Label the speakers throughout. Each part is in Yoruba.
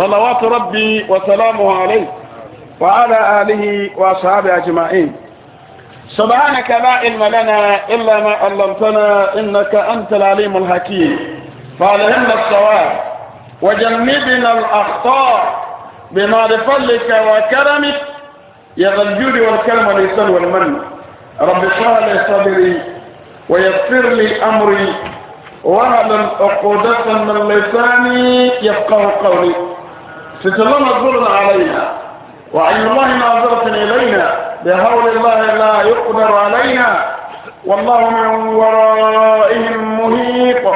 Speaker 1: صلوات ربي وسلامه عليه وعلى آله وأصحابه أجمعين سبحانك لا علم لنا إلا ما علمتنا إنك أنت العليم الحكيم فعلهم الصواب وجنبنا الأخطاء بما لفضلك وكرمك يا ذا الجود والكرم والإحسان والمن رب اشرح لي صدري ويسر لي أمري وهل عقودة من لساني يفقه قولي فتلما الظلم علينا وعين الله ما ناظرة إلينا بهول الله لا يقدر علينا والله من ورائهم مهيق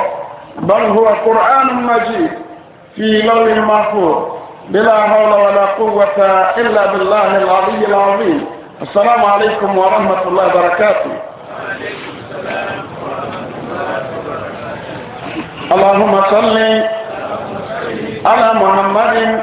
Speaker 1: بل هو قرآن مجيد في لوح محفوظ بلا حول ولا قوة إلا بالله العلي العظيم السلام عليكم ورحمة الله وبركاته
Speaker 2: اللهم صل على
Speaker 3: محمد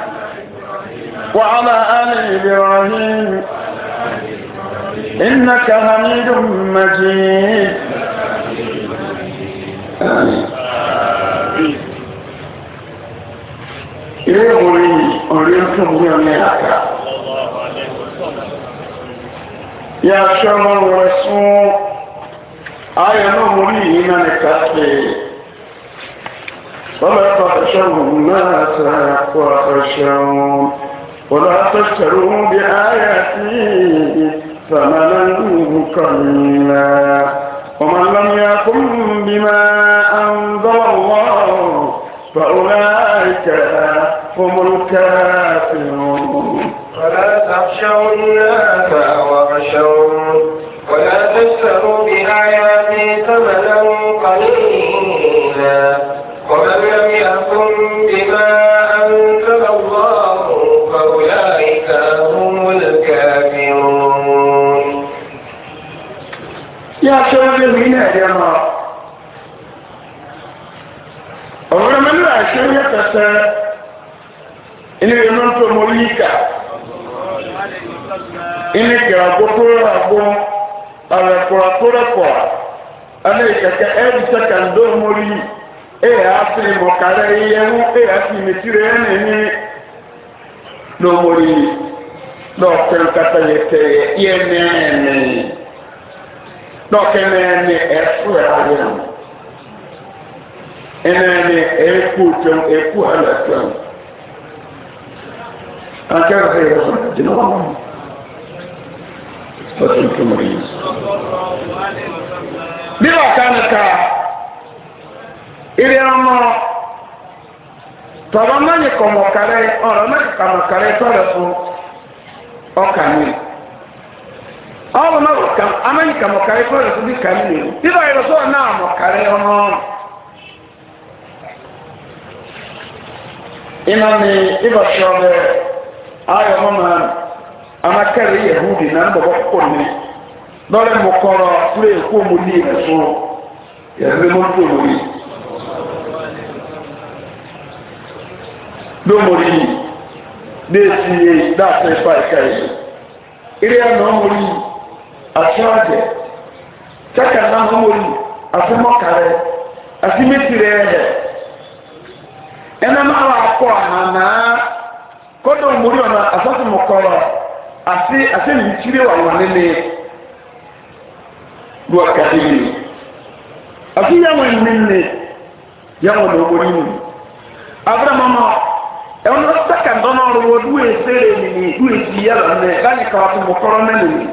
Speaker 1: وعلى آل إبراهيم
Speaker 3: إنك حميد مجيد يا أريد أريدكم
Speaker 1: يا شام الرسول آية نمري من كتبه ولا تخشوا الناس
Speaker 3: وخشون ولا تشتروا بآياتي ثمنا قليلا ومن لم يقم بما أنزل الله فأولئك هم الكافرون فلا تخشوا الناس
Speaker 1: kɛkɛ ɛdi sɛ kando mori eye asi mɔkara eye ŋu eye asi metire ɛnini no mori n'ɔkɛn kata yɛ tɛ yɛ yɛ nɛɛnɛ n'ɔkɛn nɛɛnɛ ɛfu ɛyɛ ŋu ɛnɛɛnɛ ɛku tɛm ɛku hã lɛ tɛm akɛrɛ yɛ sɔ gyina wɔn fọ́sùnkú mọ̀ yìí. bí bàtà nìka ìrìn ọmọ tọ̀rọ̀ mọ́nyì kọ̀mọ̀kàrẹ́ ọ̀rọ̀ mọ́nyì kọ̀mọ̀kàrẹ́ tọ̀rọ̀ fún ọkà mi. ọ̀rọ̀ mọ́nyì kọ̀mọ̀kàrẹ́ tọ̀rọ̀ fún bí kàmi nìyí. bí bàtà nìka ọ̀rọ̀ náà mọ̀kàrẹ́ ọmọ. ìnáni ìbàtà ọ̀rẹ́ ayọ̀ mọ́mọ́ amakari yahudi na mbɔbɔ kɔnne lɔri mu kɔrɔ kure ko mu di yɛ so yɛrɛ mu tó mu yi lomori yi n'esi yɛ daasa ifa ika yi iri ya na ɔmori yi aso adɛ kyaka na ɔmori aso mɔkare aso metiri ɛyɛ ɛnam awa akɔ ahanaa kɔdɔ ɔmori ɔna asase mu kɔrɔ. ase ase ne nkyire wa wɔn ne do akadé mi afi yɛ wɔn ne yɛ wɔn wɔn mu abrama no ɛwɔn sɛkɛndɔ no ɔrɔ wɔ do esere ne ne do esi yɛ lɔ ne lani kawa to mo kɔrɔ ne ne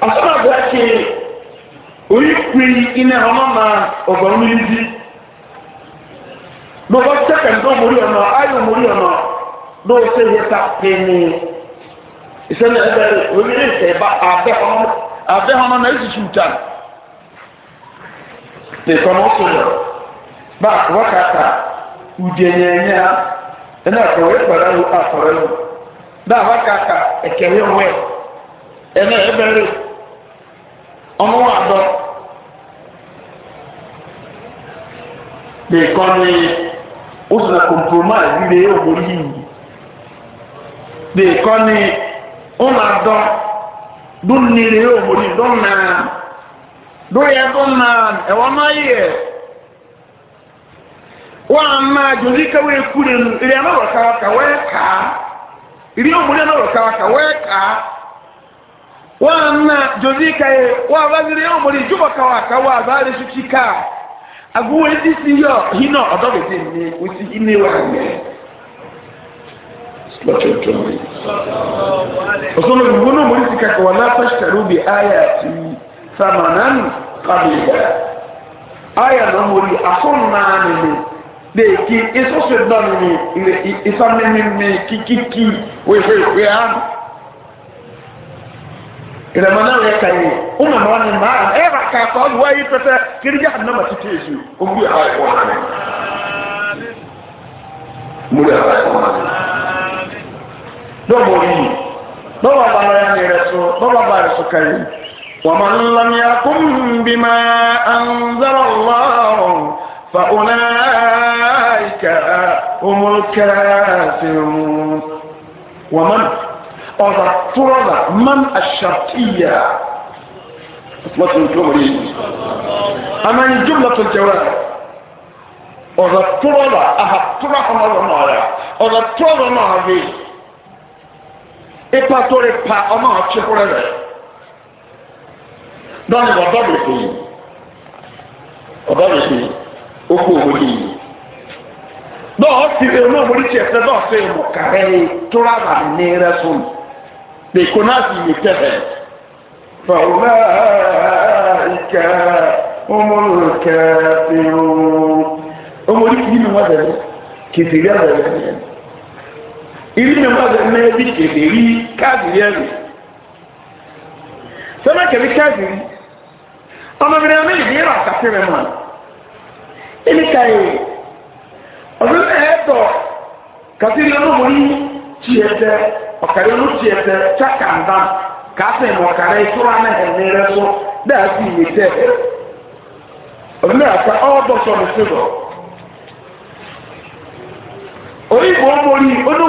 Speaker 1: asɔrɔ abo akye oyi ina hɔn ma ɔbɔn di na ɔbɔ ɔnɔ ayɔ ɔnɔ na yɛ ta ìsẹ́ni ẹ̀sẹ̀ oríire ìsẹ̀ba abẹ́ hàn abẹ́ hàn náà esisi ìta nìkan ó sọ yọ báàkì wákàtà ùdí ẹ̀yẹ̀nyẹ́ ha ẹ̀nà àkọ̀wé ìpàdé àwọn àfọ̀rẹ́ lọ báà wákàtà ẹ̀kẹ̀wé wẹ̀ ẹ̀nà ẹ̀bẹ̀rẹ̀ ọmọ wa dọ̀ nìkan ni ó sì nà kọ̀m̀pọ̀máì nílé ògbóni yìí nìkan ni. ụlọ adọ dụ mmiri obodo dụ mmaa dụ ya dụ mmaa ewa amaghị ya wọn mmaa jọzi ka wee kure nu iri anọrọ kawa ka wee kaa iri obodo anọrọ kawa ka wee kaa mmaa ka e, ya wọn abaziri obodo ijụbọ kawa ka wọn abaghị suchi kaa agụwa ya ọdọ bụ ezi nne ime wa
Speaker 2: lọ́tọ̀ọ̀tọ̀ọ̀rẹ́.
Speaker 1: ọ̀sán olùgbò náà mọ̀rí sí kàkà wà látàṣàrò bí àyà àti samanan kàbíyà àyà náà mọ̀rí asọ́nù náà nínú lèkì ìsọ́sọ́ ìdánu ní ìsàmìnìmì kíkíkí wíwí wíwí àná. ìrẹ̀mọ̀ náà yẹ kàyé ọmọ náà ni màá ẹ̀ bá kà kọ́ ọ̀dùwá yìí pẹ́pẹ́ kiri yá àná mà títí èsù ogún yàrá dɔmɔri dɔba bara ya ne rɛ so dɔba bara so kai ومن لم يقم بما أنزل الله فأولئك هم الكافرون ومن أضع فرض من الشرطية أطلق الجمهوري أما الجملة الجواب أضع فرض أهب فرض الله أضع فرض ما هذه ipa tó lè pa ọmọ ọtí kúrẹ́ rẹ̀ dọ́ni ọ̀dọ́ bẹ̀ fún yìí ọ̀dọ́ bẹ̀ fún yìí ó kú òwò yìí dọ́ọ̀ ti rẹ̀ ọmọ òmùrí tiẹ̀ fẹ́ dọ́ọ̀ fẹ́ mọ̀ kàrẹ́ tóra bà ní rẹ̀ fún mi lèkó náà sì yìí tẹ̀ ẹ̀ fàwùmá ìkà ọmọlùkà fẹ́ràn ọmọ orí kìí ni wọ́n bẹ̀rẹ̀ kìtìrì àbẹ̀rẹ̀ yẹn. ìrìnà ka náà bí kèbèrè káàdìrí ẹ̀rù sọ́nà kẹ̀mí káàdìrí ọmọbìnrin ọmọ ìdí ẹ̀rọ àkàtì rẹ̀ mọ́ ẹni káyè ọdún ẹ̀ tọ̀ kàtìrí ọlọ́mọ ní tiẹ̀tẹ̀ ọ̀kàrí ọlọ́mọ tiẹ̀tẹ̀ chákàndá kàtẹ̀ mọ̀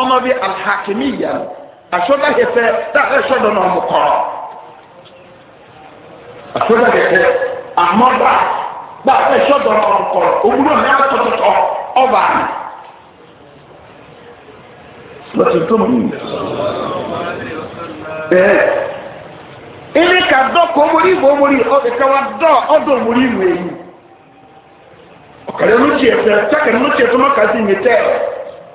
Speaker 1: ọmọ bíi alhakimiya asọ́dá hẹfẹ́ dáhẹ́ sọ́dọ̀ náà mo kọ́ asọ́dá hẹfẹ́ amọ́dá dáhẹ́ sọ́dọ̀ náà mo kọ́ òwúrọ̀ mi àtọ̀tọ̀tọ̀ ọba mi.
Speaker 2: lọ́sẹ̀ tó mú mi.
Speaker 1: bẹ́ẹ̀ ilé ka dọ́ kó mórí ìbò mórí ọ̀dẹ̀ ká wá dọ́ ọ̀dọ̀ mórí ìwé yìí ọ̀kàlẹ́ ló tiẹ̀ fẹ́ sákàlẹ́ ló tiẹ̀ fẹ́ mọ́kàtí mi tẹ́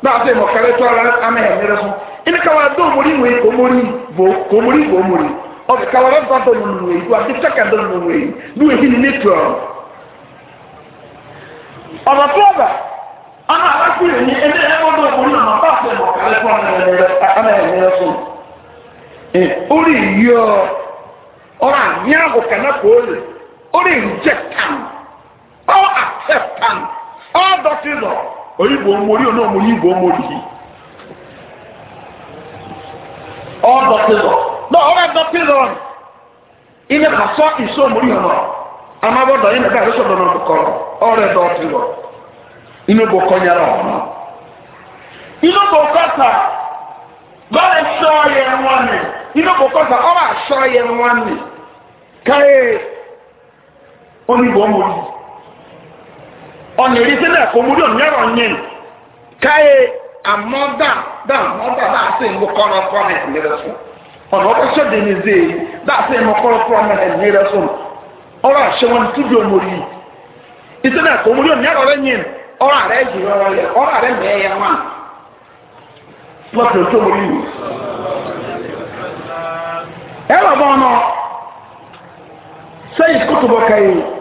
Speaker 1: na ìmọ̀ kẹrẹ tó ara amẹ́hẹ̀ mẹ́rẹ́ fún ẹni káwa dó omori wèé kò omori bò kò omori bò omori ọ̀dẹ̀ káwa rẹ́gbà dó nù nù wèé wàdí sẹ́kà dó nù wèé ní wèé ní ní tùọ̀. ọ̀nà tó ọ̀bà ọ̀nà alákùnrin ní ẹni ẹ̀rọ dó omori ọ̀nà dáàtẹ́ ìmọ̀ kẹrẹ tó amẹ́hẹ̀ mẹ́rẹ́ fún. orí yíyọ ọ̀rọ̀ àmì àgùn kànáà kò lè orí ìjẹ kan ọ̀ oyigbo omori ono omori igbo omori yi ọ pizọ na ọrẹ dọ pizọ ime kasọ iso omori ọnà amabọdọ ime bá ẹsọ dọ n'ọdọ kọrọ ọrẹ dọ pizọ ime bọ kọnyara ọnà ime bọ kọta báyìí sọ yẹ nwanne ime bọ kọta ọrẹ asọ yẹ nwanne káyé e, onigbo omori ọ̀nìrí sílẹ̀ kò mú dùn yẹ̀rọ̀ yẹn káyé àmọ́dá dá àmọ́dá dá sí ìlú kọ́nọ́kọ́ ní ìlera sùn ọ̀nà ọkọ̀ sọ́dẹ̀ ní zèé dá sí ìlú kọ́nọ́kọ́ ní ìlera sùn ọ̀rọ̀ àṣẹ wọn tún dùn mọ́ yìí ìsílẹ̀ kò mú dùn yẹ̀rọ̀ yẹn ọ̀rọ̀ àrẹ yìí ọ̀rọ̀ àrẹ mẹ́ẹ̀ wọn lọ́sọ̀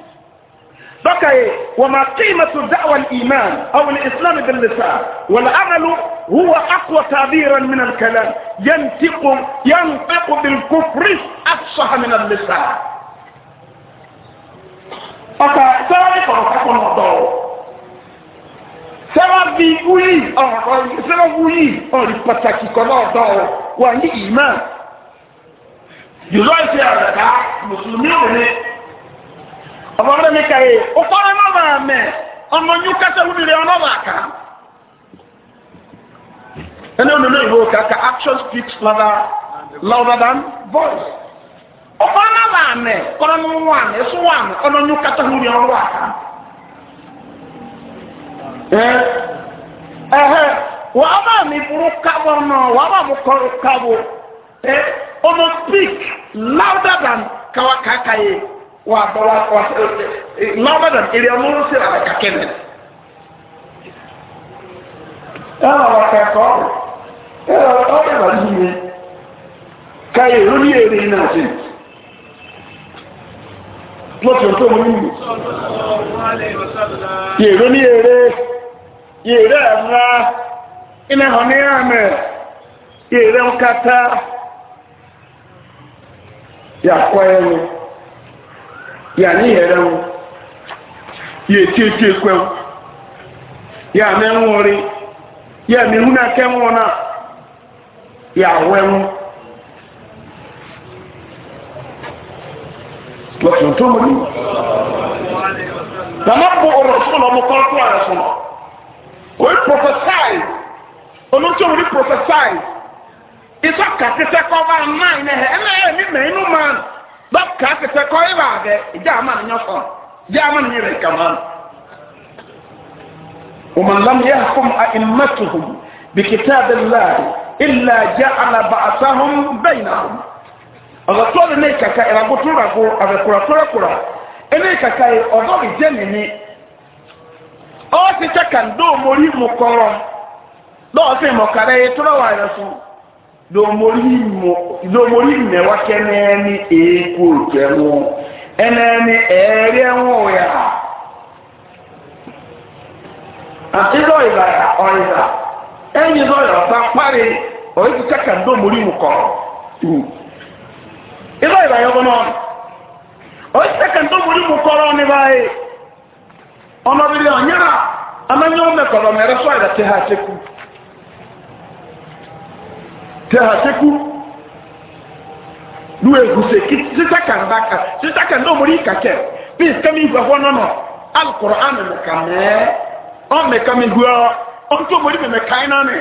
Speaker 1: بقي وما قيمة دعوة الإيمان أو الإسلام باللسان والعمل هو أقوى تعبيرا من الكلام ينطق ينطق بالكفر أفصح من اللسان أكا سألت أكون أدور sẹ́wọ́n bí wúyì ọ̀rọ̀ sẹ́wọ́n wúyì ọ̀rọ̀ pàtàkì kan náà dọ̀ọ̀ wà ní ìmọ̀ yìí lọ́ọ̀sì àrẹ̀ká mùsùlùmí òní ọmọdé mi ka yìí ụfọdụ nọ na mẹ ọmọ nyú kẹsẹ wúni rẹ ọmọ bá ẹni náà ìwé ka action speak louder louder than voice ụfọdụ nọ na mẹ kọrọ nù wọn ẹsọ wọn ọmọ nyú kẹsẹ wúni ẹ bá mi burú kábọ náà bá mi kọrọ kábọ ẹ ọmọ speak louder than yìí. wa bɔra wa n'a ma dan eri amu se a ka kɛnɛ ɛna wa ka kɔ ɛna wa ka ba yi ye ka ye olu ye eri na se mo tun tó mo yi mu ye olu ye eri ye eri ɛna ina hɔn ni yà mɛ ye eri nkata yà kɔ ɛlu. Ya yẹrẹ wọn yẹ ya etí ekwe wọn yẹ amẹ wọn rí yẹ ẹmí hún akẹ wọn náà yẹ awẹ wọn. lọ́sùn tó mọ̀ ní. Màmá bu ọ̀rọ̀ fún ọmọ kan tó àrẹ fún ọ. Oye prophesy olóńtòwò ní prophesy. Ìsọ̀kà ti sẹ́kọ̀ọ́ bá a ẹ̀ náà mí dɔb kaa te sɛ kɔre baa dɛ gyaa ma ne nyɛ fɔn gyaa ma ne nyɛ rɛ kama ومن لم يحكم أئمتهم بكتاب الله إلا جعل بعثهم بينهم ọ̀rọ̀ tó lè ní ìkàkà ìràgbó tó ràgbó àrẹ̀kùrà tó rẹ̀kùrà ẹni ìkàkà ọ̀dọ́ rẹ̀ jẹ́ nìyí ọ́ ti tẹ́kà ń dó mórí mu kọ́rọ̀ lọ́ọ̀fin mọ̀kàrẹ́ tó rẹwà rẹ̀ fún un domori mmewa kɛnɛɛni eku kyɛmu ɛnɛɛni ɛɛriɛ ŋɔya ati dɔyila ya ɔyila ɛnyi dɔyila ɔta kpari ɔyisi kaka domori mu kɔrɔ tu idɔyila ya ɔbɔ nɔɔni ɔyisi kaka domori mu kɔrɔ ni ba ye ɔnɔbili ɔnyara amanyɔmɛ kɔlɔmɛrɛ sɔyila ti ha teku tẹ́hà ṣekú lú egusè kí sísákà ń bá ka sísákà ní òmùrí kàkẹ́ bí ìtẹ́mi ìgbàgbọ́ nọ́nà alukoro àmì mẹ́ka mẹ́ ọ́n mẹ́ka mi gu ọ́ ọ́n tó òmùrí mẹ́mẹ́ káyín náà nì.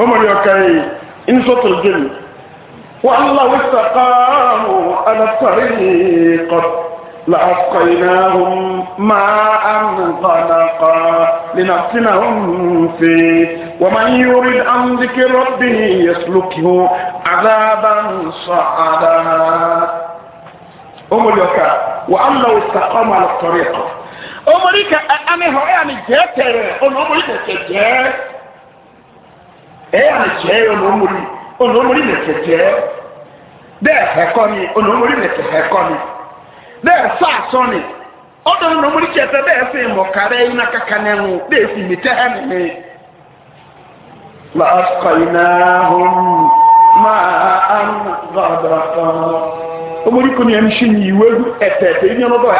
Speaker 1: òmùrí ọ̀kà yìí inú sọ́tò jẹ́mi wàhálà wíṣọ̀ kọ́ ọ́ àlàkọ́rì kọ́. لأسقيناهم ماء غدقا لنفتنهم فيه ومن يرد عن ذكر ربه يسلكه عذابا صعدا أمر يكا وأن لو استقام على الطريقة أمر يكا أنا هو يعني جاتر أمر يكا جاتر إيه يعني جاتر أمر أمر يكا جاتر ده هكوني أمر يكا هكوني bẹ́ẹ̀ sọ àsọ́ni ọdún ní ọmọdé kí ẹsẹ̀ bẹ́ẹ̀ sì mọ̀ kárẹ́ yín náà kàkà náà ń bẹ́ẹ̀ sì mí tẹ́ ẹ́ nìyí. lọ́kọ̀ọ́nàhùn máa ń gbọ́dọ̀ tán. ọmọdé kò ní ẹni ṣe ní ìwé yín máa náà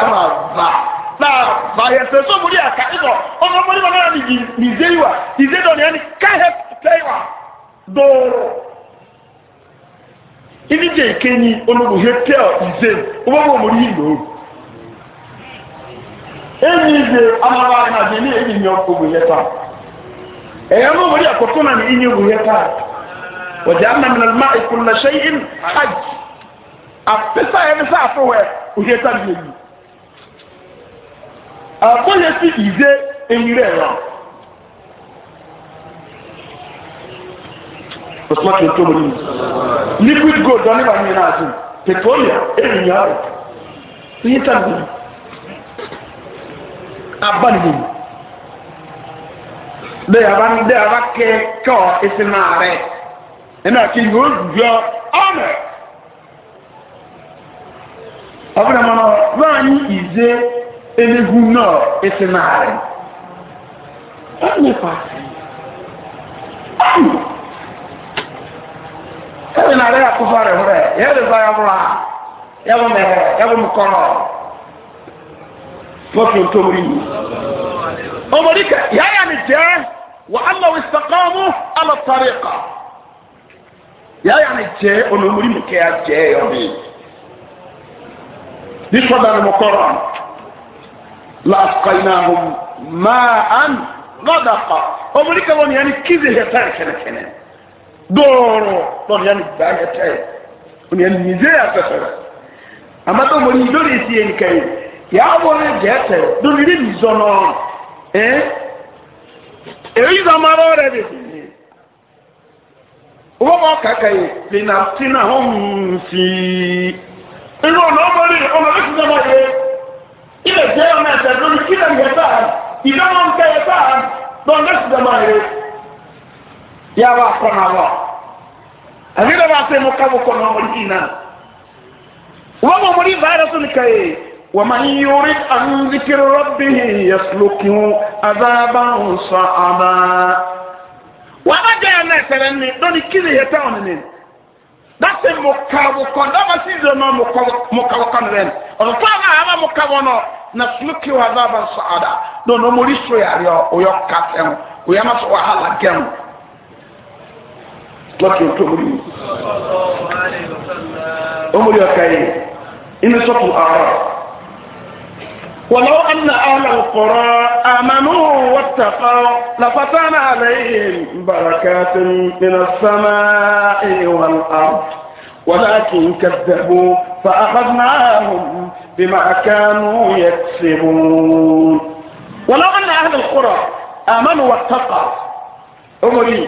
Speaker 1: àká ọmọdé náà wa dọ̀ ili je ikenyi onubuhe pia ize ubaba omuri ilo enyi ize amaba na enye enyi ọkụ obuhe ta eya no omuri akoto na ni enyi obuhe ta wajanna min alma'i kullu shay'in hajj afisa ebe sa wee we obuhe ta ni enyi ya si ize ya. osuma kì í tó mu yìí liquid gold wọn ní wàá nyina ase petroleum èyí nyà rẹ yìí tà nìyí aba nìyí bẹẹ aba ní bẹẹ aba kẹ kẹ ọ esi náà rẹ ẹnna kì í yóò yọ ọmọ ọbẹ̀rẹ̀ mọ́nà láàyè ìzé eléhu náà esi náà rẹ ẹnìfà ẹbí náà rẹ akófó rẹ rẹ yẹ lè bá yàgò ha yàgò mẹrẹ yàgò mọkọrọ fọfì ntòmùrì yìí ọmọdé kẹ yàrá ni jẹ wà á lọ ìsàkámù àlọ tàrí kà yàrá ni jẹ ọmọmùrì mi kẹ ya jẹ yọ bí bí sọdọ ni mọkọrọ làásùkọ iná hù máa án gbọdọ kọ ọmọdé kẹ wọn yẹn ni kí zèlè tàrí kẹnẹkẹnẹ. dóòrò lọ́nà yẹn gbà yẹn tẹ́ ẹ̀ òní ẹni nìyẹn afẹ́fẹ́rẹ́ àmọ́tò mo ní lórí ìsì yẹn kẹ́yìn yà á wọlé jẹ́ tẹ̀ lórí ní nìzọ́ náà ẹ̀ èyí sàmárọ̀ rẹ̀ dè sí ni wọ́n bọ́ kàkà yìí lè nà sí nà hàn sí inú ọ̀nà ọmọ rẹ̀ ọmọ rẹ̀ sísè máa yẹ ilẹ̀ jẹ́ ọmọ ẹ̀sẹ̀ lórí kílẹ̀ yẹ sáà ìdáná ń kẹ́ yẹ sáà lọ́nà sísè máa yẹ yaba akɔnɔ awɔ ɛni dɛ b'a se mo ka mo kɔnɔ ɔmɔdi yi na wa mo ɔmɔdi baara so ni ka ye wa ma yi yori an zikiri rɔbihi yasulokin azaba nsa ama wa ma jɛ yan n'a sɛbɛn ni dɔnni kiri yɛ tɛ ɔni ni da se mo ka mo kɔnɔ dɔw ma si zɛ ma mo kɔ mo ka mo kɔnɔ dɛ ɔtɔ fɔ a ma a ma mo ka mo nɔ na sulokin azaba nsa No dɔnni ɔmɔdi so yari o yɔ ka fɛn o yɛ ma sɔn wahala gɛn o. lọ́kì tó mú yìí ó mú yọ káyé inú sọ́kù ààrẹ ولو أن أهل القرى آمنوا واتقوا لفتحنا عليهم بركات من السماء والأرض ولكن كذبوا فأخذناهم بما كانوا يكسبون ولو أن أهل القرى آمنوا واتقوا أمري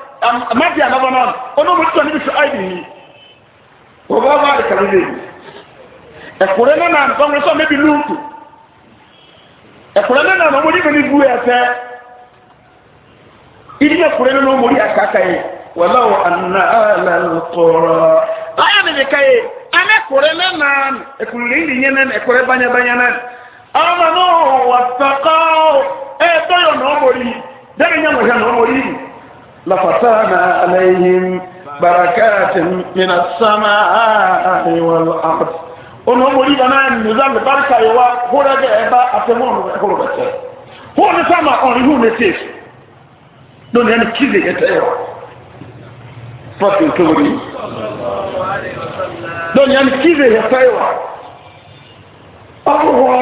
Speaker 1: amadi anabɔ nɔn ɔno mo tɔ ne bi so ayi ni o ba ba de kan de ɛkura ne nam tɔn sɔ ne bi lutu ɛkura ne nam ɔmo yi mi ni gu ɛfɛ idi ne kura ne n'omo yi akaka yi wala wo ana ala kɔrɔ ayi ni ne ka ye ana kura ne nam ɛkura ni nye ne ɛkura banyabanya ne. لفتحنا عليهم بركات من السماء والأرض ono mori bana ni zan barka yawa hore ga eba atemo no hore ba ce hore sama on ri hune ce don yana kize ya ta yawa fatin tumuri don yana kize ya ta yawa abuwa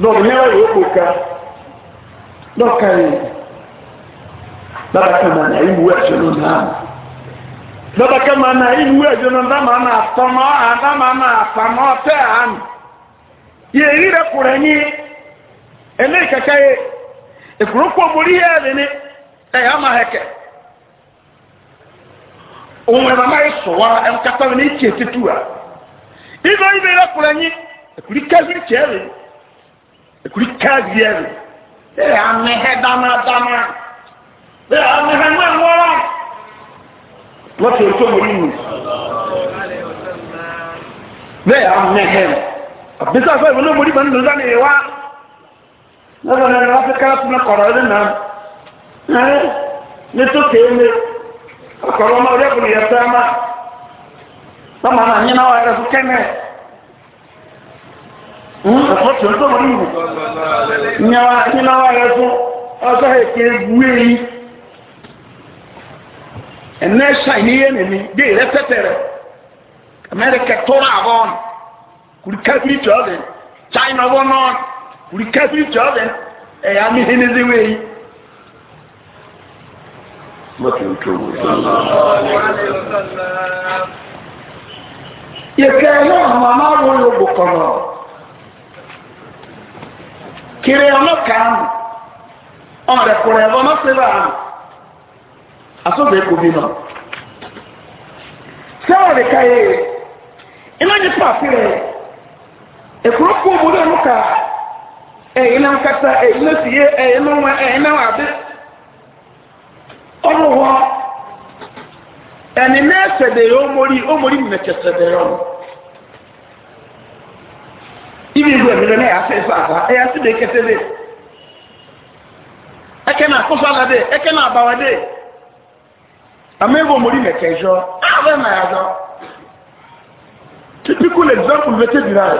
Speaker 1: don yana yi okoka don kare baba kama na iwu ejono na baba kama na iwu ejono na ma na anda ma na te an ye ire kurani ele kakaye ekuru ko buri ye ni e ama heke
Speaker 3: onwe mama isowa
Speaker 1: en kata ni tie tetua ibo ibe ire kurani kazi kazi ye e ame he dama dama. àmìhànú ẹ̀wọ́ rà wọ́n ti tó mọ̀ nínú bẹ́ẹ̀ àmìhàn àbísà fẹ́ ìwé lóòmù nígbà nínú sani ìwá lọ́sọ̀ ní ẹ̀rọ áfíríkà fún ọkọ̀rọ̀ ẹ̀rọ náà ẹ̀rọ ní tó kéwé ọkọ̀rọ̀ ọmọ ọdẹ kùnú yẹtọ́ ẹ̀ma sọ́mọ náà nyina wà ẹ̀rọ fún kẹ́mẹ́ hmm? ọ̀pọ̀ tó tó mọ̀ nínú nyina wà ẹ̀rọ fún ọ̀sọ̀ ẹ̀kẹ́ gbúwé yìí ɛnna ɛhyɛn ne yɛ n'ani de yɛrɛ tɛtɛrɛ amɛrika tɔrɔ abɔn kuri kafiri tɔɔbɛ china bɔ nɔɔn kuri kafiri tɔɔbɛ ɛyɛ ami hinizi wei yɛkɛ yɛ mama wɔyɔ bɔ kɔnɔ kiri ɔno kan ɔrɛ kɔrɛ bɔ no sebe ano. asọ́fẹ́ kò bí náà sáàrì káyé iná ní pàfí rẹ̀ èkúrò kú òmùdó ẹ̀mú ká ẹ̀yìn náà kẹta ẹ̀yìn náà sì yé ẹ̀yìn náà wọn eyi na àbí ọdún ẹni náà sẹ̀dẹ̀rẹ̀ ọmọrí ọmọrí mẹ̀kẹ̀ sẹ̀dẹ̀rẹ̀ ibi ìlú ẹ̀mí lọ náà yà sẹ́ sáàbà ẹ̀yà de amebo mori mẹkẹjọ abẹ na yàtọ typical example bẹ tẹbi náà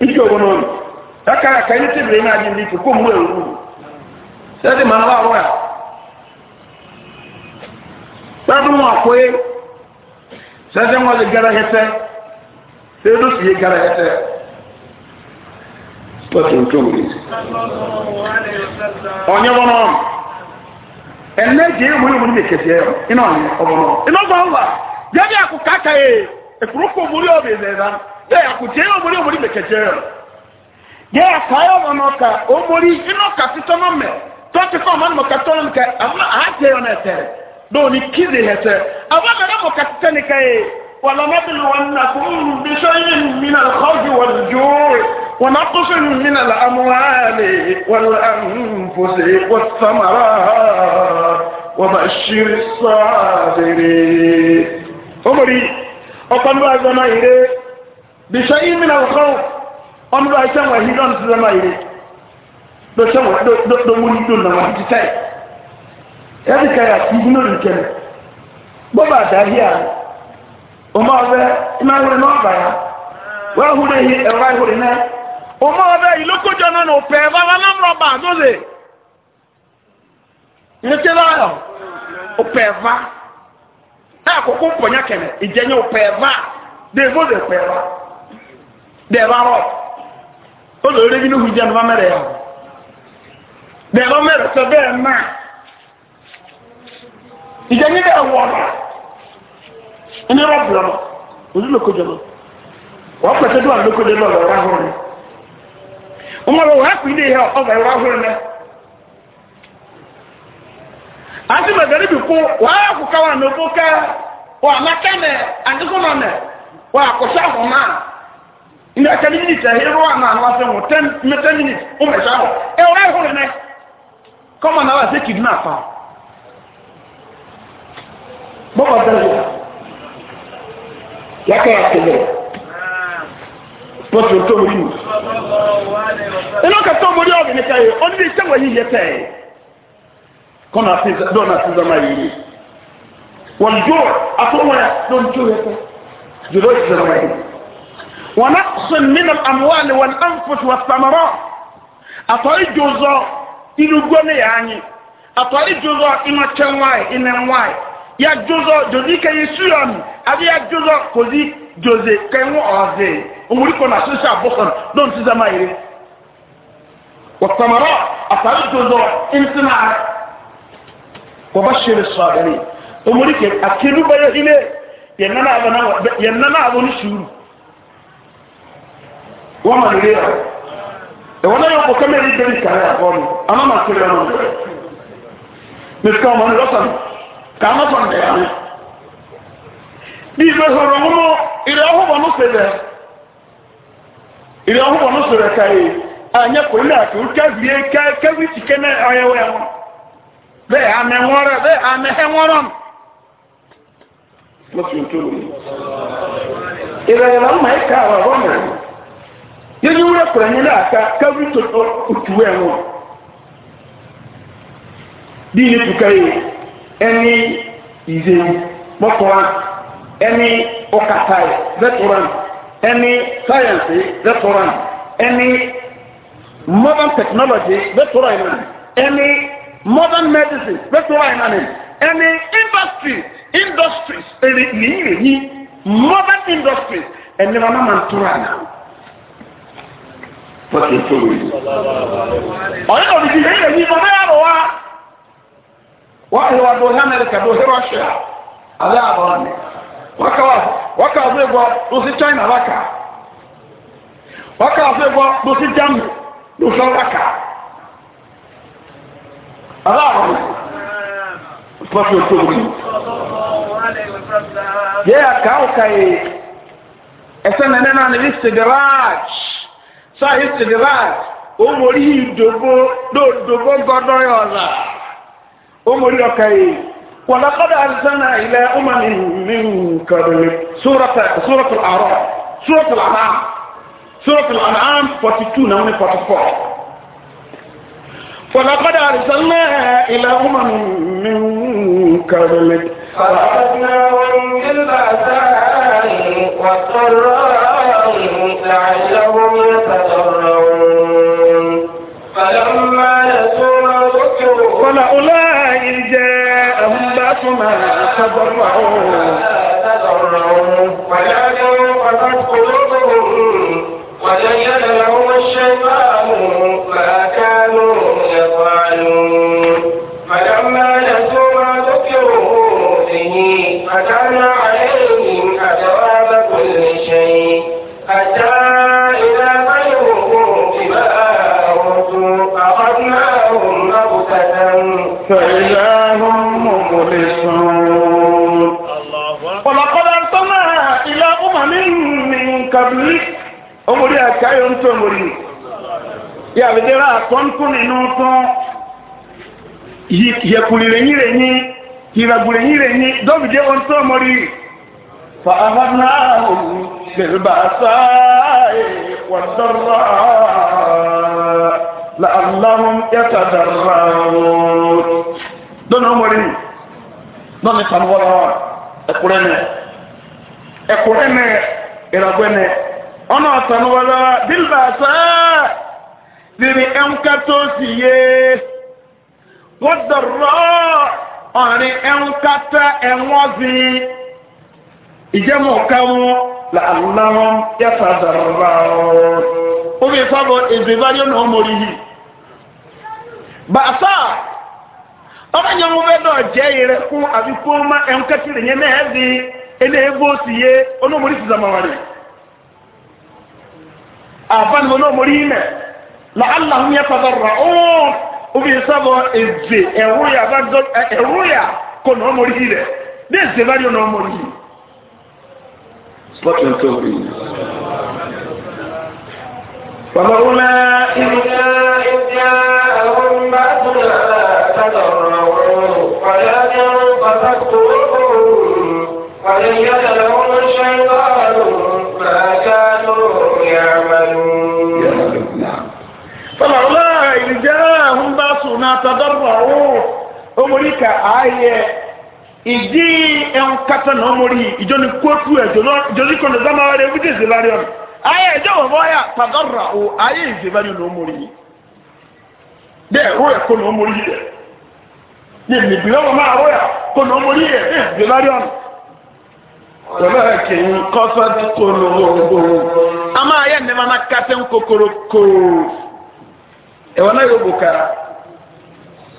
Speaker 1: ike owo n'olu aka aka yi tẹbi náà di ndi kò mu ewu sẹbi ma n'aba awọ ya sẹbi mu akoye sẹbi mu ọdi gara hẹsẹ sẹbi mu si gara hẹsẹ sọtò ntòmù ni ọnyẹ wọn n'ọmọ ɛnna gye emu ne mu ne kɛseɛ yɛ ɛna ɔyɛ ɔbɔ no ɛna ɔbɔ ɔba yɛde ako kaka yɛ ekuru kɔ mu ne ɔbɛ zɛza yɛ ako gye emu ne mu ne kɛseɛ yɛ yɛ aka yɛ ɔbɔ no ɔka ɔmori ɛna ɔka titɔ no mɛ tɔnti fɔ ɔma no ɔka tɔ no kɛ ama ولنبلونكم بشيء من الخوف والجوع ونقص من الأموال والأنفس والثمرات وبشر الصابرين عمري أقنوا زمايري بشيء من الخوف أمر أشان وهيدان زمايري دوشان دوموني دون نواحد تاي هذا كيا تبنون كنا بابا داريا ọmọ ọbẹ iná ìwúrẹ náà bà wee hụrụ ehúrẹ yìí ẹ̀rọ ìwúrẹ ọmọ ọbẹ ìlókòjọ náà nà ọ̀pẹ bàbá lámúrọ̀ bà lóde ìrètí láyọ̀ ọ̀pẹ va ẹ̀ àkókò pọ̀nyá kẹ̀mẹ̀ ìjẹ̀nyẹ ọ̀pẹ va va sọ ní rọ́ọ̀bù lọ́mọ ojú lókojọ lọ wọ́n pẹ̀tẹ́ dùn àlókojọ lọ ọ̀rọ̀ ahọ́n rẹ̀ wọ́n mọ̀ wọ́n hàpì ní ìhẹ́ ọ̀rọ̀ ẹ̀rọ ahọ́n rẹ̀ àti bẹ̀rẹ̀ níbi kú wọ́n á kú káwọn àná òfó ká wọ́n àmà kẹ́nẹ̀ àdínkùnà nẹ̀ wọ́n àkọ́sí àhọ́ náà ní ẹ̀kẹ́ ní mínítì ẹ̀hẹ́ rọ́ àná àwọn afẹ́ wọn ten mẹ́tẹ́ mínítì ó náà wà sí yàkàyà tẹlẹ pọtù tó wọlé mu inú kẹtọ wọlé ọbẹ nìkan yìí ó ní bí sẹwọ yìí yẹ tẹ kọ́nà àti dọ́nà àti zama yìí wọ́n jó àtọ́wọ́ yà lọ́n jó yẹ tẹ jùlọ ìṣẹ̀ zama yìí wọn á sùn nínú àmúwálé wọn á ń fòṣù wà sàmọ́rọ́ àtọ́ ìjọ zọ inú gbọ́ ní yà á yín àtọ́ ìjọ zọ inú ọ̀kyẹ́ wáyé inú wáyé ya jozo jozi ke ye suyan abi ya jozo kozi joze ke ngo oze umuri kona sisa bokon don sisa maire wa tamara asari jozo insina wa bashir sabiri umuri ke akilu bayo ile yannana abana yannana abon shuru wa malire e wona yo ko kamere beri kare abon ama ma kire no miska man rosan kàmá sọ̀rọ̀ dẹ̀ yàrá bí ìgbẹ́ sọ̀rọ̀ ńlọ ìrẹ̀ ọ̀húnbọ̀ ló ṣe bẹ̀ ìrẹ̀ ọ̀húnbọ̀ ló ṣe bẹ̀ káyé ànyẹ kò ní àti kẹ́bíyé kẹ́bí ti kẹ́ mẹ́ ọ̀yẹ́wẹ́ wọn bẹ́ẹ̀ àmẹ́ wọn rẹ̀ bẹ́ẹ̀ àmẹ́ hẹ́ wọn rọ̀ lọ́sùn tó lò ìrẹ̀ ìrẹ̀ ọmọ ẹ̀ka àwọn ọ̀rọ̀ mẹ́rin yẹ́nì wúrẹ́ kùrẹ́ ní láàká kẹ́bí tó òtù ẹ̀ wọn bí ní tùkẹ́ yìí ɛne izei mɔtɔra ɛne ɔkatae zɛtoran ɛne sayansi zɛtoran ɛne modern technology zɛtoran na ɛne modern medicine zɛtoran na ne ɛne industry industries ɛne yɛyi yɛyi modern industries ɛne wɔn ama ntora na ɔyɛ ɔdidi yɛyi yɛyi ɔbɛyɛ awɔ wa wáyé wa dùn hánà ẹ̀ka dùn hẹ́rọ̀ ṣẹ́ àlẹ́ àbọ̀rọ̀ mi wákà wá wákà ọ̀fẹ́ gbọ́ dùn sí china láka wákà ọ̀fẹ́ gbọ́ dùn sí germany dùn sọ láka àlẹ́ àbọ̀rọ̀ mi pàṣẹ òtò mi. yẹ àká òkà yìí ẹsẹ nẹnẹ náà níbi sidiraj sáà yìí sidiraj ó wọlé ìdòbó dòdòbó gọdọ yọ ọ̀la. أمر يكي ولقد أرسلنا إلى أمم من قبل سورة سورة الأعراف سورة الأنعام سورة الأنعام 42 نعم 44 ولقد أرسلنا إلى أمم من قبلك فأخذناهم
Speaker 3: بالبأساء والضراء ما تضرعوا ولكن قد قلوبهم وزين لهم الشيطان ما كانوا يفعلون فلما نسوا ما ذكروا به فتحنا عليهم أبواب كل شيء حتى
Speaker 1: مبلسون ولقد أرسلنا إلى أمم من قبلك أمري أكايون تمري يا بدرا أكونكم إنوكم يكوليني لني يبغوليني لني دوب جيون تمري فأخذناهم بالبأساء والضراء لعلهم يتضرعون دون أمري nɔɔni kan wɔ lɔɔ ɛkurɛ nɛ ɛkurɛ nɛ ɛrɛgbɛ nɛ ɔnɔ kan wɔ lɔɔ bilba saa biri ɛnka toosi yee wɔdɔrɔ ɔni ɛnka ta ɛnwɔzi ìjẹ́mu kàwọn la aláwọ̀ yàtọ̀ àdàrọ̀bà ọ̀ ó fi fábọ̀ ìzìbáyé náà mọ̀rí yìí bàtà ọba nyɛ ŋun bɛ dɔ jɛ yɛrɛ fún àbí fún ma ɛn kɛtì rɛ nyɛ mɛ ɛbi ebo si ye onomori sisan ma wari aban mo n'omori yi mɛ la ala ŋun yɛ papa ra ooo ubi sabɔ eze ɛwuya ba dɔ ɛwuya ko n'omori yi rɛ ne ze ba di o n'omori yi.
Speaker 2: sɔtɛn tó bi.
Speaker 3: baba wula.
Speaker 1: na tadarra'u omori ka ahịa iji nkata na omori ni kotu e jono jori aye jo wo ya tadarra'u aye zilarion na omori de ro e kono omori de ni ni biwa ma ya kono omori e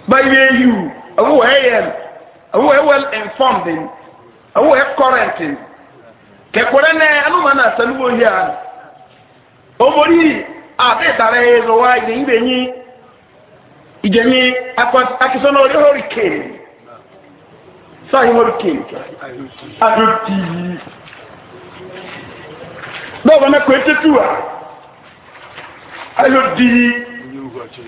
Speaker 1: by you awu hayan awu well informed in awu current in ke kore ne anu mana salu o ya o mori a te tare zo wa ni be ni ije ni akwa akisono ori adopti do ko di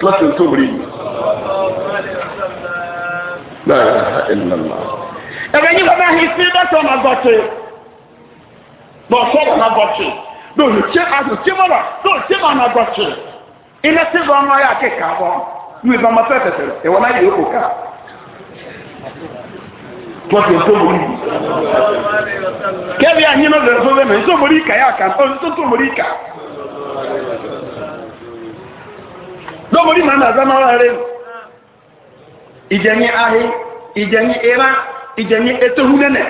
Speaker 1: láti tó rí mi. ẹ̀rọ yìí wọ́n náà hì sí dọ́tọ̀ náà gọ̀tì dọ́tọ̀ náà gọ̀tì lóòlù tí a lò tí mọ̀ náà lóòlù tí mọ̀ náà gọ̀tì iná tí bọ́ ọmọ yà kéka bọ́ níbi bá ọmọ fẹ́ tẹ̀sẹ̀ ẹ̀wọ̀n náà yóò kó ká tọ́jú tó mọ̀ ní. kẹ́bí àyínlọ́dọ̀ bẹ́ẹ̀ mẹ́ ntọ́ mọ̀ ní ìkà yà kà ntọ́ mọ̀ ní ìkà. Ahị, ní màmá àzámáwá rẹ̀ ìjẹ̀yìn ahé ìjẹ̀yìn ìrá ìjẹ̀yìn etóhun nẹ́nẹ̀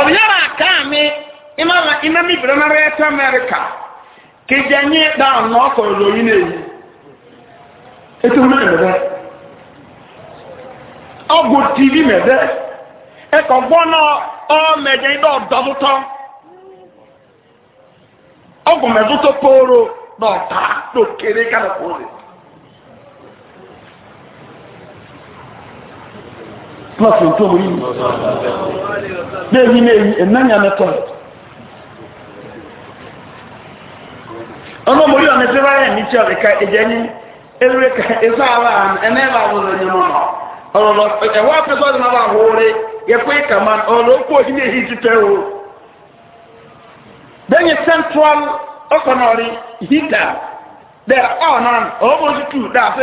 Speaker 1: ọ̀bìyàrá àkáàmì ìmẹ́mí ìbìrẹ́mẹ́rẹ́ ẹ̀tọ́ amẹ́ríkà kìjẹ̀yìn dáhùn ọkọ̀ ìròyìn èyí etóhun nẹ́nẹ̀ ọgbọ̀ tv mẹ́bẹ́ ẹkọ̀ gbọ́nà ọ ìdọ̀ ọgwụ mmetụta poro na ọta na okere gana poro plus nto mu yi n'eyi n'eyi enanya n'etọ ọmọ mo yi ọmọ ẹsẹ báyẹ ní tí ọdẹ ká ẹjẹ ní ewúrẹ ká ẹsẹ ara àná ẹnẹ bá wọlé ọdẹ mọ nọ ọlọlọ then central economy hita there on and almost two that's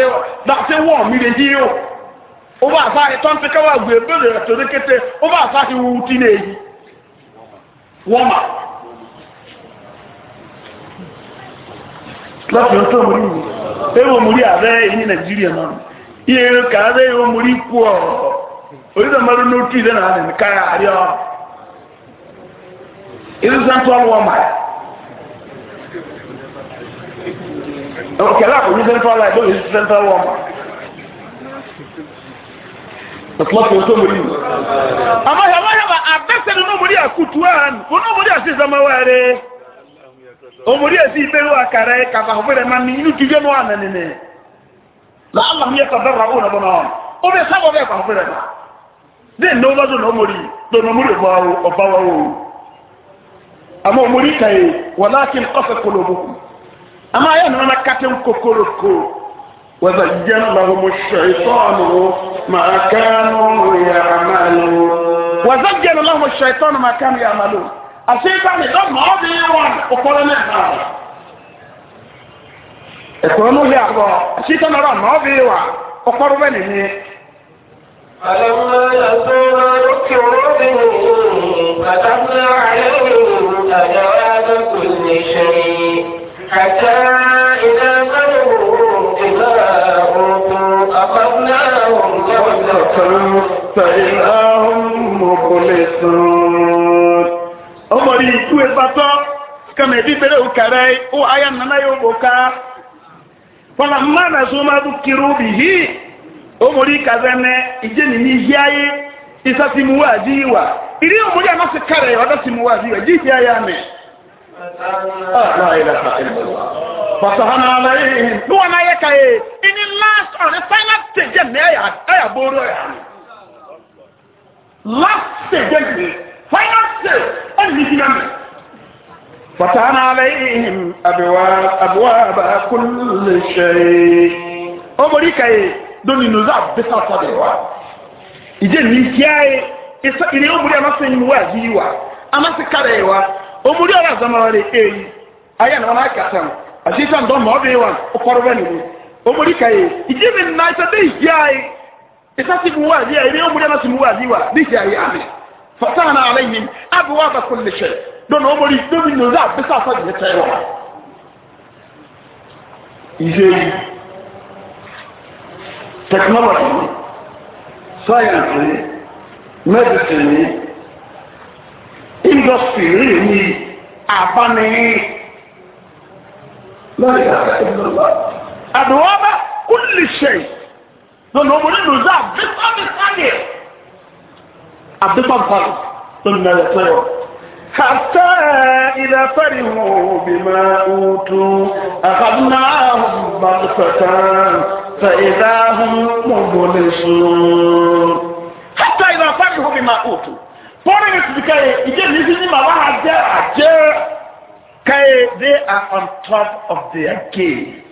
Speaker 1: a warm million deal over as I turn to cover with brother to the kitchen over as I will warmer láti ọ̀tọ́ mú rí ẹwọ mú rí ààrẹ ní nàìjíríà náà iye kààrẹ ẹwọ mú rí kú ọ̀rọ̀ orílẹ̀-èdè irisa ntọ ọlụwa ma ya kẹlẹ akọni sẹntọ ọlụwa ẹgbẹ oyesu sẹntọ ọlụwa ma ọtọlọpọ ọtọ mori amaghị amaghị ma abẹsẹ nínú akutu a nínú omori asi samawa rẹ omori asi ibelu akara ka e kaba ọfẹrẹ ma na alahu yẹ kaba ra ọhún ọbọ náà ọbẹ sábà ọbẹ kaba ọfẹrẹ ma ama omori kaye walakin kɔfɛ kolobo ama ayɛ nana katin kokoroko wasa yɛn lahomu shaitɔnu makanu yamalu wasa yɛn lahomu shaitɔnu makanu yamalu aseetani dɔ maa bi wɔn ɔkɔlɔ ne ha ɛkɔlɔ no yɛ akɔ aseetani dɔ o bi wɔn ɔkɔlɔ bɛ ne ne.
Speaker 3: فلما نسوا
Speaker 1: ما ذكروا به
Speaker 3: فتحنا عليهم أجواب كل شيء حتى إذا بلغوا إذا أوتوا أخذناهم
Speaker 1: غفلة فإذا هم مخلصون أمري يكوي بطاق omori kazɛmɛ ijeni ni hiaye isa ti mu wa wa iri omori a se kare wa da ti mu wa di wa di hiaye amɛ. Fasahana alayhim. Bí wọn ayẹ ka ye, ini last ọ̀rẹ́ final tẹ̀jẹ̀ ní ẹ̀yà bóró Last tẹ̀jẹ̀ ní final sale ẹ̀ ní ìdílé mi. Fasahana alayhim abiwa abiwa abakulli ṣe. Omori ka doni noza abisa ɔtɔde wa ìdí ni ìfia yi ìsọ ìní omuri amase yi wa yi wa amase kara yi wa omuri ɔra azamara de eyi ayé na wọn akasa mu asisa ndɔn ma ɔbɛ yi wa ɔkɔrɔ bɛ nìyí omuri ka yi ìdí mi nna ìsɔ de ìfia yi ìsɔ si mu wa yi a ìní omuri amase mu wa yi wa de ìfia yi ami fatahana ala yi abu wa ba kuli hyɛ doni omuri doni noza abisa ɔtɔde yi wa ìdí yi technology science medicine industry rí ní abáni lọ́yà àdùwọ́bà kúlì ṣe lọ́nà ọmọdé ló zá àbíkọ́ mi sáyẹ̀ àbíkọ́ mi sáyẹ̀ tó nà ẹ̀ sọ́yọ̀. حتى إذا فرحوا بما أوتوا
Speaker 3: أخذناهم بغتة فإذا هم
Speaker 1: مبلسون حتى إذا فرحوا بما أوتوا Foreign is because it is using my one there, they are on top of their game.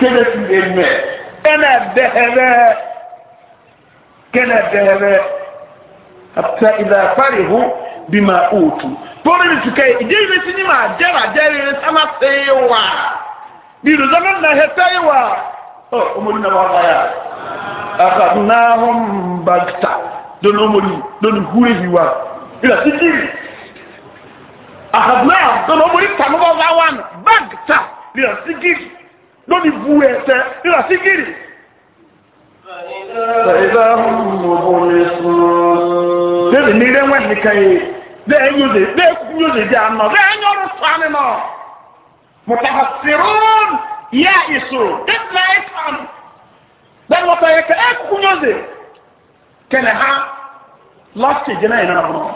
Speaker 1: Tell us in the net. Can I behave? Can I behave? After إذا فرحوا bima utu pori ni tukai ije ni sini ma jera jere ama sewa ni zaman na hetewa oh omori na baba ya akadnahum bagta don omori don hure hiwa ila titi akadnahum don omori tamu baba wan bagta ila sigiri don ibuete ila sigiri فإذا هم مبلسون. ده اللي ده bẹ́ẹ̀ yóò dé bẹ́ẹ̀ kú yóò dé dé àná bẹ́ẹ̀ nyọ́rọ̀ sani nọ. mùtàkà sírún yá ìṣó dídá ìtàn bẹ́ẹ̀ wọ́n sọ̀rọ̀ kẹ́ ẹ̀ kú yóò dé kẹ́nẹ̀ ha lọ́ọ̀tì jẹ́nà yìí nàrọ̀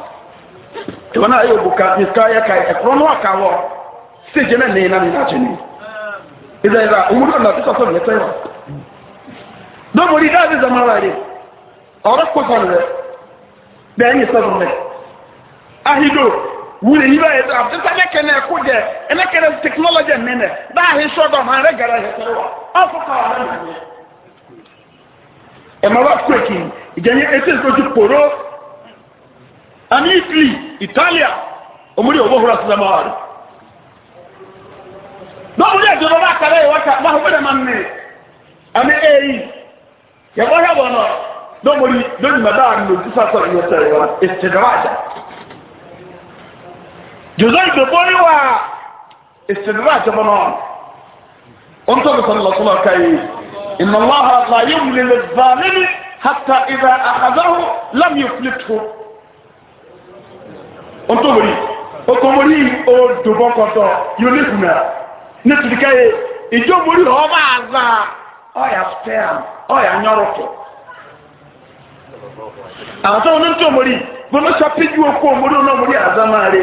Speaker 1: ìwọ náà yóò bu ká ìka yẹ ká ẹ̀kọ́ náà ká wọ́ sí jẹ́nà ní iná nínú àjẹ́ ni. ìdá ìdá òmùdó ọ̀nà àti sọ̀tọ̀ lẹ́tọ̀ yọ. dọ́mọ̀rí dáàbí zamara yìí ọ̀rọ̀ kó sọ̀rọ̀ rẹ̀ bẹ́ẹ̀ ní sọ̀rọ̀ rẹ̀ ahido wuli yi bɛ yɛrɛ a bɛ sisan ne kɛnɛ ko jɛ ne kɛnɛ tekinoloji nɛnɛ n'a yi sɔ dɔ ma ne gɛrɛ yɛrɛ wa aw fɔ k'a yɛrɛ nɛnɛ ɛmɛ wa kue kin jɛnye ese soju poro ani italy italia omuli o b'o fura sisan ma wa do dɔw yɛrɛ dɔrɔn b'a kala ye wa ka b'a fɔ ko ne ma mɛ ani e yi yɛ bɔ yɛ bɔ nɔ dɔw mori dɔw ɲuman b'a nɔ sisan sɔrɔ ɲɔ sɔrɔ yɔrɔ esi tɛ dɔrɔn a ja. جزيء بقولي و استدراج منون انت صلى الله عليه وسلم إن الله لا يملي للظالم حتى إذا أخذه لم يفلته انت مري okomori o dobo kɔtɔ yonifuna ne tuli ka ye ijo mori ɔba aza ɔya spam ɔya nyɔrɔtɔ àwọn tó ń tó mori gbọdọ sọ péjú okó mori ọ̀nà mori aza máa re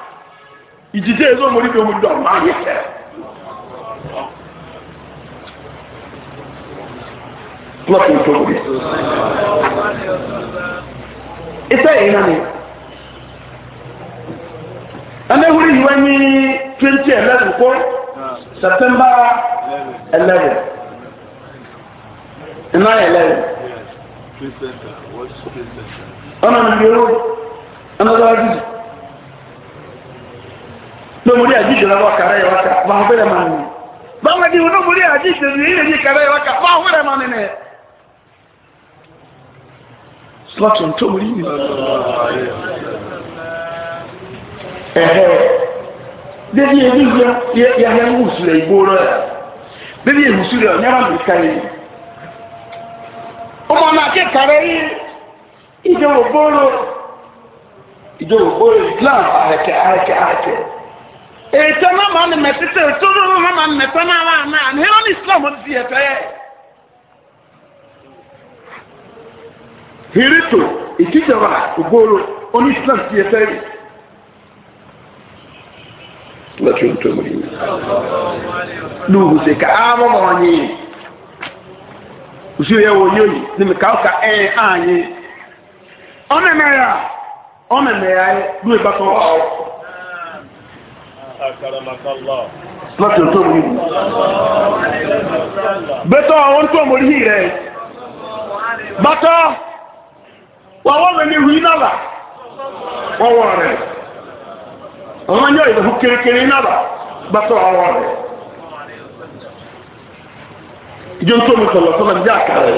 Speaker 1: ìjìjẹ́ èso mo níbi omi dọ̀ máa yẹ kẹ́. Lọ́pọ̀ ìtòkù rẹ̀. Iṣẹ́ yìí náà ni. Ẹnẹ́wúrí yìí wá ní twenty eleven kó September eleven nine eleven. Ọ̀nà mi yóò ọ̀nà tó wá jìjì. lomori àjíṣe lọ́wọ́ kàrẹ́ ìwákà ma fẹ́rẹ̀ máa nìyẹn báwọn di olómori àjíṣe ní ilé ní kàrẹ́ ìwákà bá fẹ́rẹ̀ ìgbó ọ̀nyára mi yìí ọmọ náà yìí ètò mọ́mọ́ ni mẹ́tẹ́tẹ́ ètò mọ́mọ́ ni na náà wà náà na wọ́n ní islam ti fi ẹ̀fẹ́ hirito ìtìjọba on islam ti ẹ̀fẹ́ yẹ. láti ohun tó mú yìí lóògùn ṣe ká á mọ́ wọn yìí òṣèré ẹ̀wọ̀ yóò yìí ní mi káwọ́ ká ẹ̀ ẹ̀ lọ́tí tó mú ìlú bẹ́tọ̀ àwọn tó mú rí rẹ̀ bàtọ́ wà wọ́n mẹ́ ní ìwú náà ọwọ́ rẹ̀ ọmọ yóò ìlú kéré náà bàtọ́ ọwọ́ rẹ̀ ìjọ tó mú sọ̀lọ̀ sọ́lọ̀ ìjà kàrẹ̀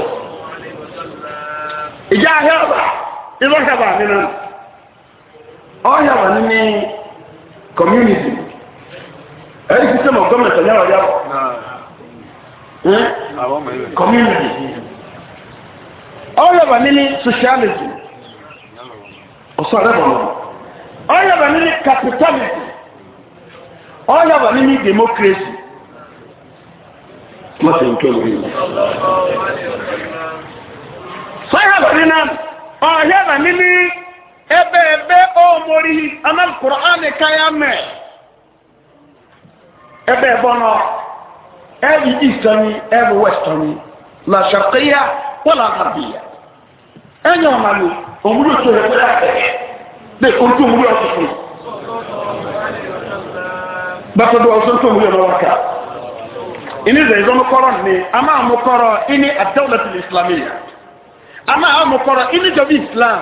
Speaker 1: ìjà ahẹ́ọ̀bà ìlọ́ṣàbà nínú ọ̀ṣàbà nínú community ẹni tí sẹ́mọ̀ gọ́ọ̀mẹ̀ntì ọ̀yá ọ̀yá bọ̀ community ọ̀yọ̀bà níní socialism ọ̀sán rẹ̀bọ̀ lọ ọ̀yọ̀bà níní capitalism ọ̀yọ̀bà níní democracy
Speaker 2: mọ́sẹ̀ ń tó lórí mi.
Speaker 1: sọ́yọ̀bà níná ọ̀yọ̀bà níní ẹbẹ̀ẹ̀bẹ̀ ọmọ orí anáàkùrọ̀ ánìkáyà mẹ́ẹ̀ ebe ebe nọ ebe eastern ebe western na sharqiya wala gharbiya enyo ma ni omuri oto ebe ya de ojú omuri ọtọ fún bàtà dùwà ọsọ tó omuri ọlọwà ká ini zai zama kọrọ ne a máa mú kọrọ ini adawlatul islamiyya a máa mú kọrọ ini jọbi islam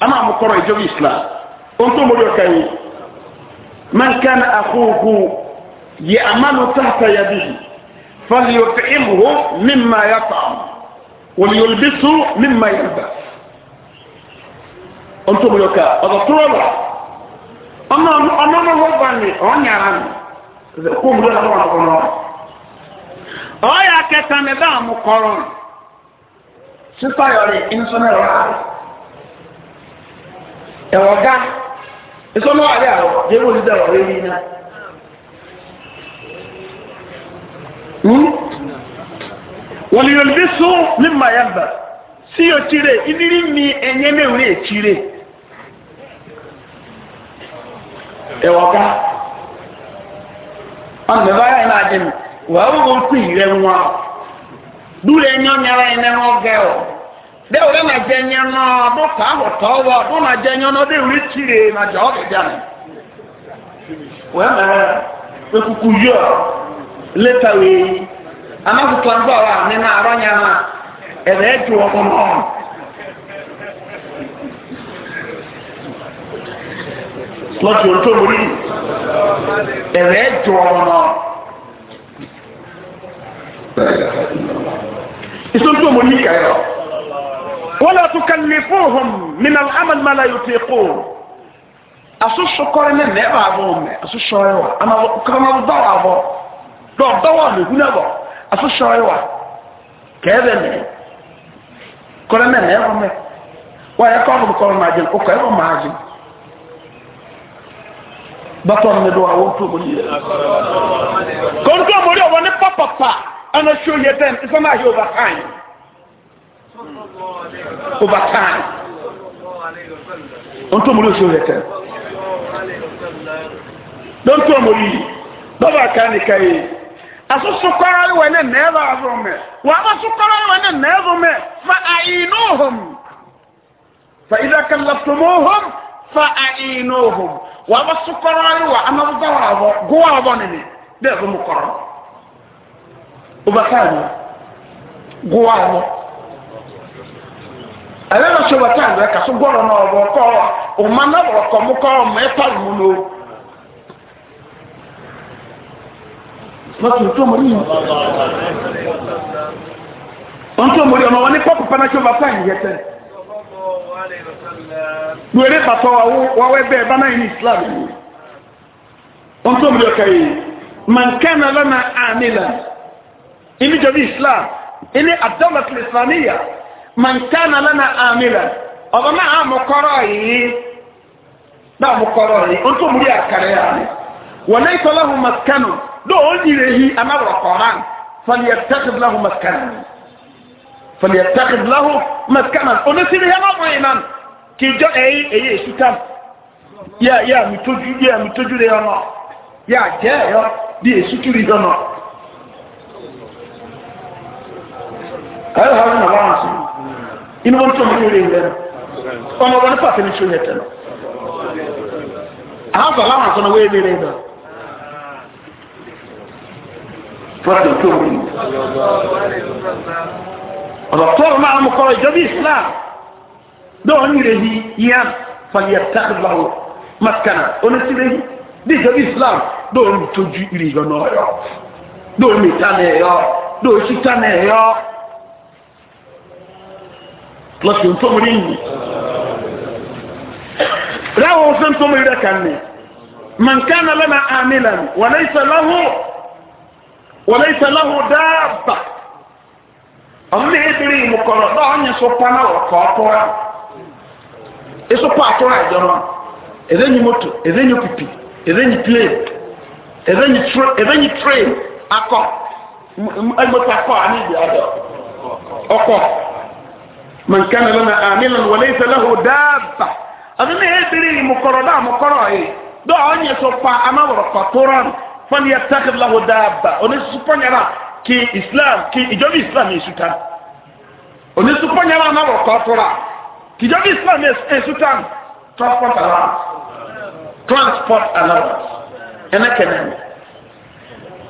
Speaker 1: a máa kọrọ ìjọbi islam ohun tó omuri ọkà من كان أخوه يأمل تحت يده فليطعمه مما يطعم وليلبسه مما يلبس أنتم يوكا هذا طول أنا أنا أنا رباني أنا يعني قوم لنا وانا وانا أيا كتان دا مقارن ستا إنسان رأي أوغا ìsọ́nà àrí àwọ̀ jẹ́wò nígbà wà rí iná wọ́n lè lè so ní mayamba sí òtíre ìdírí mi ẹ̀yẹ mẹ́rin ètíre ẹ̀wọ̀ká ọ̀nàbára iná àjẹmù wà ó wọ́n pè rẹ̀ wọn dúró ẹ̀yọ́ nyara iná wọn ọ̀ de wòle ma dze nya nɔ ɖo fa xɔtɔ wɔ na ma dze nya nɔ de wòle tsi na ma dze ekuku leta wòye anakutu anbɔ wa na ma anya na ma ɛbɛ edu wɔ kɔnɔ lɔtɔ wala tukallifuhum min al'amal ma la yutiqun asusu kɔrɛ ne nɛɛ b'a bɔ mɛ asusu yɛ wa ama kɔnɔ dɔ b'a bɔ dɔ dɔ wa le hinɛ bɔ asusu yɛ wa kɛɛ bɛ mɛ kɔrɛ ne nɛɛ bɔ mɛ wa yɛ kɔrɔ bɛ kɔrɔ maa jɛn o kɔrɔ bɛ maa jɛn bàtɔn mi do awo tó mo ní yɛ kɔntɔn mo ní o wɔ ne pɔpɔpa ɛna so yɛ tɛn ìfɔmɔ ayi o ba kan over time ohun tó mú lóṣù rẹ̀ tẹ̀ ló ń tó mú yìí lọ́wọ́ àkànníkà yìí asosokɔrɔ yi wɔ ne nɛɛba azɔn mɛ wa abasokɔrɔ yi wɔ ne nɛɛba mɛ fa ayinuhum fa idakalatomohum fa ayinuhum wa abasokɔrɔ yi wɔ amabuza wɔ abɔ go wɔ abɔ ne ne bɛɛ bɛ mu kɔrɔ o ba kaa yi go wɔ abɔ ṣe wà tí àgbẹ̀ kàṣọ gbọ́dọ̀ náà ọ̀rọ̀ kọ́ ọ̀ma náà ọ̀rọ̀ kọ́ mú kọ́ ọ̀ma ẹ̀fà ìmú lo. lọ́sùn tó mọ̀ nínú. wọ́n tó mọ̀ rí ọmọ wọn ní pọ́pù pẹ́náṣọ́ bá fà yìí yẹtẹ́. wẹ́rẹ́ pàtó wàwẹ́ bẹ́ẹ̀ bá náà ní islam yìí. wọ́n tó mọ̀ rí ọkà yìí. mọ̀nkẹ́nà lọ́nà àmì ilẹ̀ ìníjọba islam ilé àdọ́lọ́tì islamiyah man kana lana amila ọba náà amukọrọ yìí náà amukọrọ yìí o tó múri àkàrẹ yà ni wọn náà ìtọ́lá hù maskanu dó o nyere yìí anáwòrán kọ́ran fàlìyà tàkìdìlá hù maskanu fàlìyà tàkìdìlá hù maskanu onísìrì yẹn náà wọ̀nyí nan kì í jọ èyí èyí èsì tam yà yà mi tójú yà mi tójú rẹ yọnà yà jẹ yọ bí èsì kiri yọnà.
Speaker 2: ayọ̀ hàn mi nà wọ́n sùn inú wọn tó mú rèé
Speaker 1: lẹ́nu ọmọ wọn nípa àfẹnú tó yẹ tẹ́lọ. àwọn bàbá wọn àtọ́nà wọ́n rèé lẹ́nu. fúrádì tó mú rèé. ọ̀dọ̀ tó o máa mú kọ́ ìjọba islam dọ́wọ́ ní rèé yíyá fàlíyà tákìláwò màkànà oníṣẹ́ rèé bí ìjọba islam dọ́wọ́ ní tójú ìrìnnà ọ̀yọ́ dọ́wọ́ ní ìtàn ẹ̀yọ́ dọ́wọ́ sí ìtàn ẹ̀yọ́ lọ́sì ntọ́mìrì yìí ráwọ̀ ọ̀sẹ̀ ntọ́mìrì rẹ̀ kàn ní mankana lana amilan wàlẹ́sàláhù wàlẹ́sàláhù dáàbà ọ̀nà ebiri ìmùkọ̀rọ̀ náà ọ̀nyẹ̀ so pa náà wọ̀ kọ́ ọ̀tọ́ rà èso pa àtọ́ rà ìjọ náà èdè nyi moto èdè nyi pipi èdè nyi plane èdè nyi tre akọ ẹgbẹ́ta kọ́ àní ìdí adọ ọkọ. من كان لنا آمنا وليس له دابة أظن هدري مقرر دا مقرر إيه دو أني سوفا أما ورفا طوران فليتخذ له دابة أني سوفا نرى كي إسلام كي إجابي إسلام يسوتان أني سوفا نرى أما ورفا طوران كي إجابي إسلام يسوتان transport allowance transport allowance أنا كنان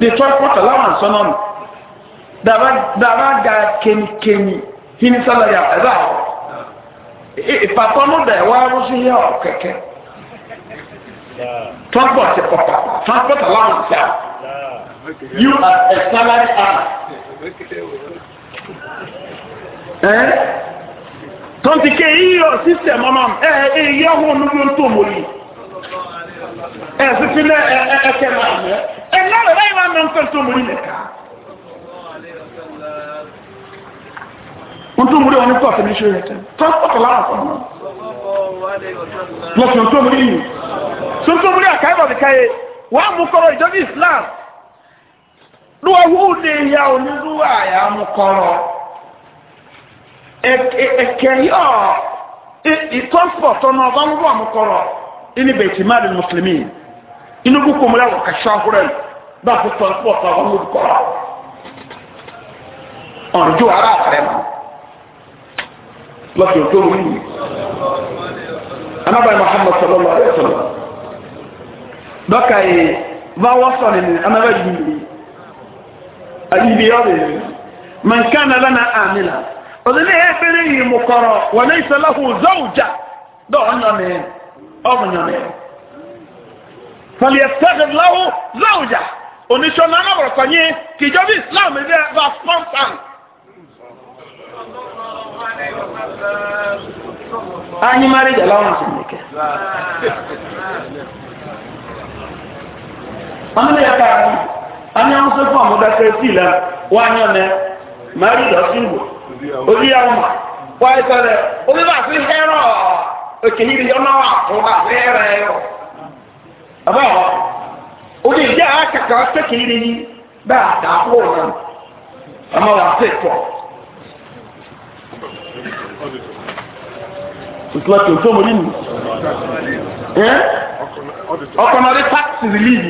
Speaker 1: the transport allowance أنا دابا دابا كيني كيني hini salary ɛdá hɔ ìpàtọ́ no dẹ̀ wá rúṣu yẹ ọ̀ kẹ̀kẹ́ transport papa transport allowance ah you are a salary ah ɛn tonti ke yi yɔ system ɔnɔ ɛ ɛ yɛ ɔhún ɔnú yóò tó mo yi
Speaker 2: ɛ sisi lɛ ɛ ɛ kɛ náà mɛ
Speaker 1: ɛ náà lɛ báyìí wà mɛ n fɛ tó mo yi lɛ ká. ntú múlẹ̀ wọn kọ́ ọ̀sẹ̀ níṣẹ́ rẹ̀ tẹ́ transport lára fún un.
Speaker 2: lọ́sùn ntú múlẹ̀ yìí
Speaker 1: tuntun múlẹ̀ àkàìbọ̀ nìkan yẹ wàá mú kọ́rọ̀ ìjọba islam ló wà wúwú ní ìyá onírúurú àyà mú kọ́rọ̀ ẹ̀kẹ́ yọ transport ọ̀nà ọba wúwú àmú kọ́rọ̀ inú bẹ̀tì máa di mùsùlùmí inú kúkú múlẹ̀ wọ̀ kàṣà ọ̀rọ̀ ju ara àtẹ̀rẹ̀ mọ́ láti ọjọ́ orí mi anabai muhammad sallallahu alaihi wa sallam dọ́kà yìí bá wọ́n sọ nínú anabai yìí ayíbi ọ̀rẹ́ yìí mọ̀nkán náà lánàá àmìlà ọ̀dọ́ ní ẹ̀fẹ́rẹ́ yìí mú kọ́rọ̀ wọ́n ní ìsọláhùn zọ́ọ̀jà dọ́ọ̀ nyọ́ni ọ̀mù nyọ́ni fọlẹ́sẹ̀gẹ̀ lọ́wọ́ zọ́ọ̀jà oníṣọ́ náà náà wọ̀rọ̀ kọ́nyé bí islam ẹ̀
Speaker 2: anyị mara iji alawans neke ọmọdé ya ká
Speaker 1: ní ọmọdé yẹn sọ fún ọmọdé akéré sí ìlà ga anyọ nẹ mara ya ọsùn wò orí yà wọn wọn ayé sọ dẹ omi bá fi hẹrọ òkè yìí yọ a ìtura tí o tó mo nínú
Speaker 2: ọkọ̀ náà rí tax relief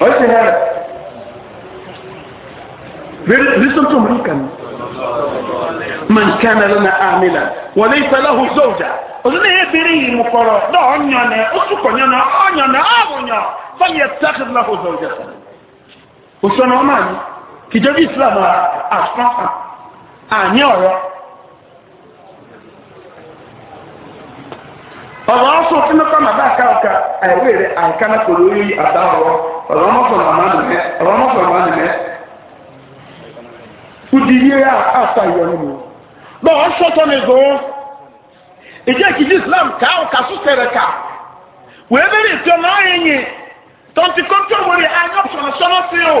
Speaker 1: ọ̀yẹ́ ti hẹ́rẹ̀ listen to me kan man kan lana amila wa laysa lahu zawja ozuna ye bere yi mu koro do onyo ne osuko nyo na onyo na abunyo fa yattakhid lahu zawja usana mani ìjọba islam àṣàfà àní ọ̀rọ̀ ọ̀rọ̀ ọ̀sùn tí mẹ́fà màbá àkàkà àìwé rẹ̀ àìkánná kò lórí àbá ọ̀rọ̀ ọ̀rọ̀ ọmọkùnrin màmá nìmẹ́ ọ̀rọ̀ ọmọkùnrin màmá nìmẹ́ udiyé àfà ìyọnu mu bọ́ọ̀ ọ̀sùn tó ní gbòó ìjẹ́ ìkìjì islam ká ọ̀kà sùsẹ̀rẹ̀ ká wẹ́ẹ́ bẹ̀rẹ̀ ìtọ́ náà yẹn yẹn tọ́ntì kọ́ńtò wọlé àyọ̀sọ̀rọ̀ sọ́nà sí o.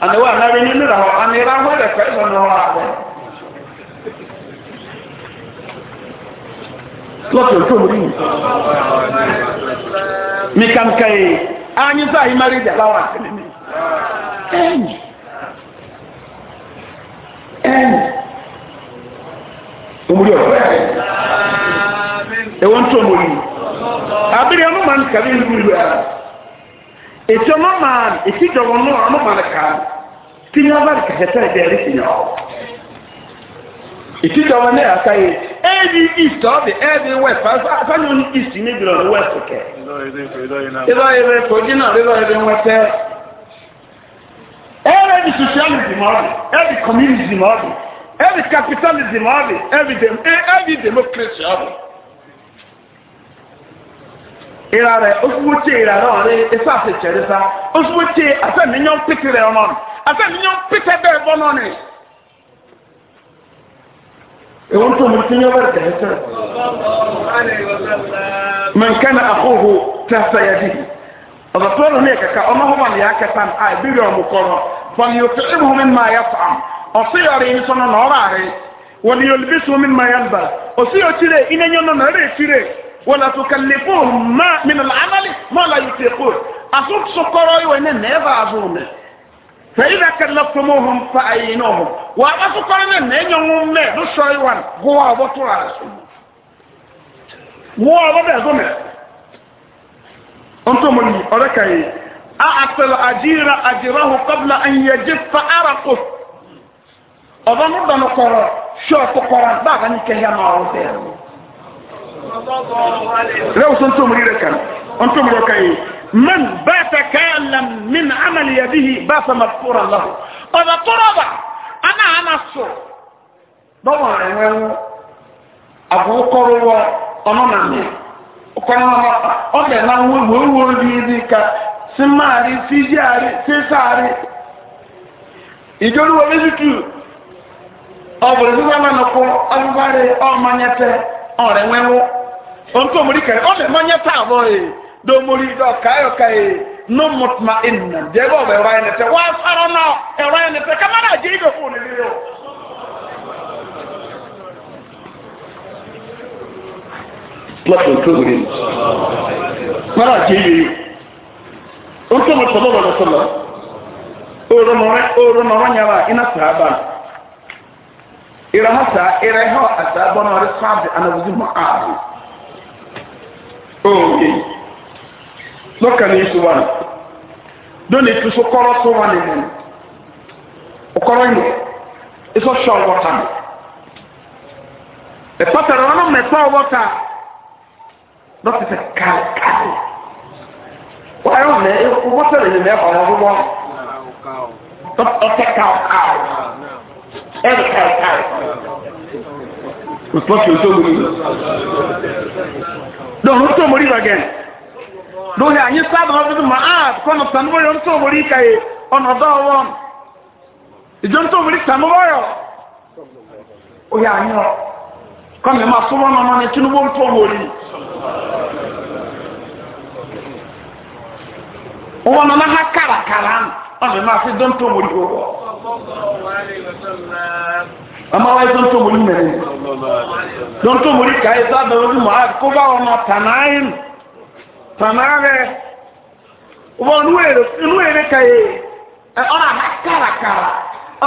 Speaker 1: ana wa anare ni nira hɔ anira hɔ yɛ fɛ ɛsɛ no hɔ abɛ lɔtɔ tó mu rinyi mikanka yi anyi sɛ ayi mari dza lawa ɛnyi ɛnyi omuli ɔfɛ ɛwɔ ntɔ mu rinyi abiri ɔmo ma nkabi ndu ya ètò ọmọ màá èsì dọ̀wọ́ nù ọmọ màá kà á tí ní abá kà hẹ́tà ẹ̀dẹ̀ ẹ̀rí sì yàn ọ́. èsì dọ̀wọ́ náà yàtá yìí ẹ̀ẹ́dì east ọ̀dì ẹ̀ẹ́dì west fáwọn ní east ní ìbílẹ̀ ọ̀dì west
Speaker 2: kẹ̀. ìlọ
Speaker 1: ìrẹ kojú náà ìlọ ìrẹ wẹtẹ. ẹ̀ẹ́dì socialism ọ̀dì ẹ̀ẹ́dì communism ọ̀dì ẹ̀ẹ́dì capitalism ọ̀dì ẹ̀ẹ́dì democracy ọ̀dì ìra rẹ̀ osùmùtì ìra náà rẹ̀ ẹ̀fọ́ àfẹ̀kyẹ̀rẹ̀ sá osùmùtì afẹ́miyàn pété rẹ̀ ọ̀nà afẹ́miyàn pété bẹ́ẹ̀ bọ́ náà ni. Ìwọ́n tó mu tún yẹ wọ́n dẹ̀ sẹ́. Mẹ̀nkánná àkóhò tẹ́ sẹ́yà dì. Ọ̀dọ̀ tó lónìí yẹ kẹ̀kẹ́ ọmọ ọmọ mi yà kẹta ní à ìbírí ọmọ kọ́rọ̀. Fọ̀nì òtún ìhùn mi máa yẹ fàm. Ọ̀sẹ̀ yọrí yín sọ́nà nà ọ̀rọ̀ àrẹ. Wọ́n ni ولا تكلفوهم ما من العمل ما لا يطيقون أصوك سكروا يوين نيفا أزوم فإذا كلفتموهم فأينوهم وأما سكروا يوين نيوم ما دشوا وان هو أبطر على هو أبطر أزوم أنتم اللي أركي أعطى الأجير أجره قبل أن يجف أرقه أظن أنه قرار شوف قرار بعد أن يكهي معه
Speaker 2: لو سنتم ريركا
Speaker 1: أنتم ركاي من بات كالم من عمل يده بات مغفورا له أنا ترى أنا أنا سو ضوان أبو قروة أنا نامي ọkọlọmọ ọbẹ náà ń wéwèé wúro bí ibi ká símáàrí síjáàrí sísáàrí ìjọlúwọ ọ̀ntọ́ mori kẹrẹ ọ̀nà ẹ̀ma nyẹ tá àbọ̀ yìí dọ̀ mori dọ̀ káyọ̀ káyọ̀ nọ mọ̀tìmá ẹ̀nà jẹ́ bọ̀ bẹ̀ ẹ̀rọ ayẹnẹ tẹ wọ́n afárá náà ẹ̀rọ ayẹnẹ tẹ kámẹ́rà jẹ́ ibẹ̀ fún òní yìí o. lọ́pọ̀ ntọ́ mori kámẹ́rà jẹ́ ibẹ̀ yìí ọ̀ntọ́ mori sọ̀rọ̀ lọ́dọ̀ sọ̀rọ̀ ọ̀rọ̀ nọ̀rọ̀ nyàrá iná sàábà ìrẹ̀ hàn sàá ìrẹ̀ hàn àsàbọ̀ náà rẹ̀ sáàbì ànàbùdì mọ̀ ààbò. oge lọ́kàn ní ìṣúwà lónìí tó so kọ́rọ́ tó wà nínú ọkọ́rọ́ yìí ìṣọ́ ṣọ́ ọ̀wọ́ta ẹ̀pọ́tẹ̀rẹ̀ wọn náà mẹ́tọ́ ọ̀wọ́ta
Speaker 2: lọ́kìtẹ̀ káàkiri
Speaker 1: wọ́n yóò mẹ́ ọwọ́tẹ̀rẹ̀ yìí mẹ́fà ọ̀wọ́
Speaker 2: ọ̀tẹ̀ káàkiri ẹ̀rì káàkiri òṣùpọ̀ kì í tó wù
Speaker 1: dọ̀rọ̀ tó mọ̀rí rọ̀gẹ̀ lórí àyín sábà ọdún ma á kọ́nà tànúwọ́yọ̀ tó mọ̀rí kàyé ọ̀nà dọ́wọ́ ìjọ tó mọ̀rí tànúwọ́yọ̀ ó yà áyán kọ́nà ẹ̀ máa súnmọ́ nọ́nà ní tinubu tó mọ̀rí wọn nọ náà kàràkàrà ọ̀nà ẹ̀ máa fi dọ́ntọ́ mọ̀rí wọ́wọ́
Speaker 2: ọmọ wa ẹsọ ntọ mori mẹrin
Speaker 1: tó ntọ mori ka ẹsọ abẹwò bi mọ a kó bá ọmọ tànáyìn tànáyìn wọn nú èrè nú èrè ka yẹ ẹ ọ̀nà àná kàràkàrà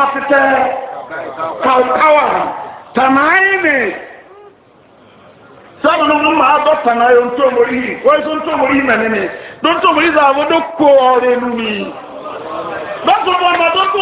Speaker 1: ọ̀tẹ̀tẹ̀
Speaker 3: kàwùkàwà
Speaker 1: tànáyìn ni sábà nínú mọ àbọ̀ tànáyìn ntọ mori yìí wọ́n ẹsọ ntọ mori mẹrin ni tó ntọ sọ àwọn tó kó nù mí bá tó bọ̀ ọmọ tó kó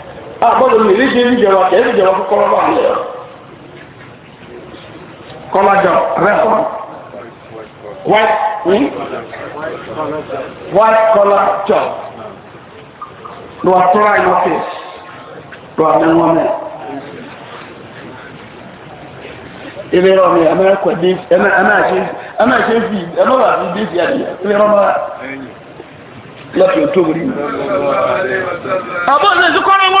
Speaker 1: àgbọ̀dọ̀ lè rí ṣe níjọba kẹ́ níjọba kó kọ́lá báwọn lẹ̀ kọ́lá jọ rẹ̀ kọ́
Speaker 2: white wing hmm? white collar job
Speaker 1: ló wà tóra in office ló wà mẹ́wọ́n mẹ́. Ibi rọ mi, ẹ máa kọ̀ dé, ẹ máa ṣe ẹ máa ṣe fi ẹ máa wà fi dé fi àdìyẹ, ibi rọ máa lọ́pì òtó wòlíì. Àbọ̀ ọ̀sẹ̀ ìsúkọ́ ni wọ́n.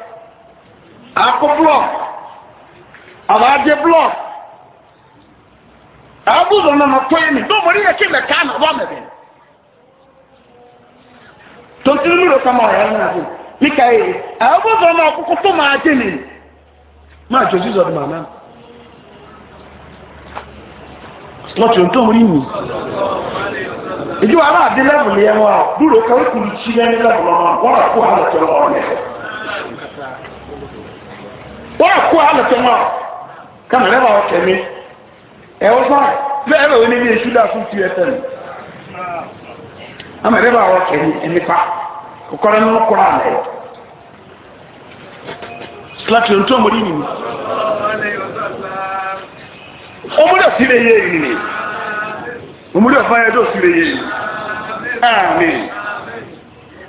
Speaker 1: akụ blọk ọba adị blọk abụzọ nọ n'ọtọ ya mi dọmọrị ya kemgbe ka a na-agba mebe tontiri nuru kama ọya ya na dịka ihe abụzọ nọ ọkụkụ tụ ma adị mi ma ajọ jizọ dị ma na lọ́tí ohun tó mú rí mi ìdíwọ̀ ya lẹ́bùn ní ẹwọ́n dúró kọ́ ìkùnrin sí ha wọ́n kó alẹ́tẹ̀ mọ́ kàmá rẹ̀ bá ọ̀tẹ̀ mi ẹ̀ wọ́n sọ bẹ́ẹ̀ bẹ́ẹ̀ wọ́n ní esu dà fún tiẹ̀ tẹ̀ mi àmà rẹ̀ bá ọ̀tẹ̀ mi ẹ̀mí pa kọ́kọ́rọ́ ní wọ́n kọ́ra àlẹ́ yẹ ohun tó mọ̀ nínú mi ọmọdé òsìlè yé yìí ni ọmọdé ọ̀fáyẹ́dé òsìlè yé yìí àmì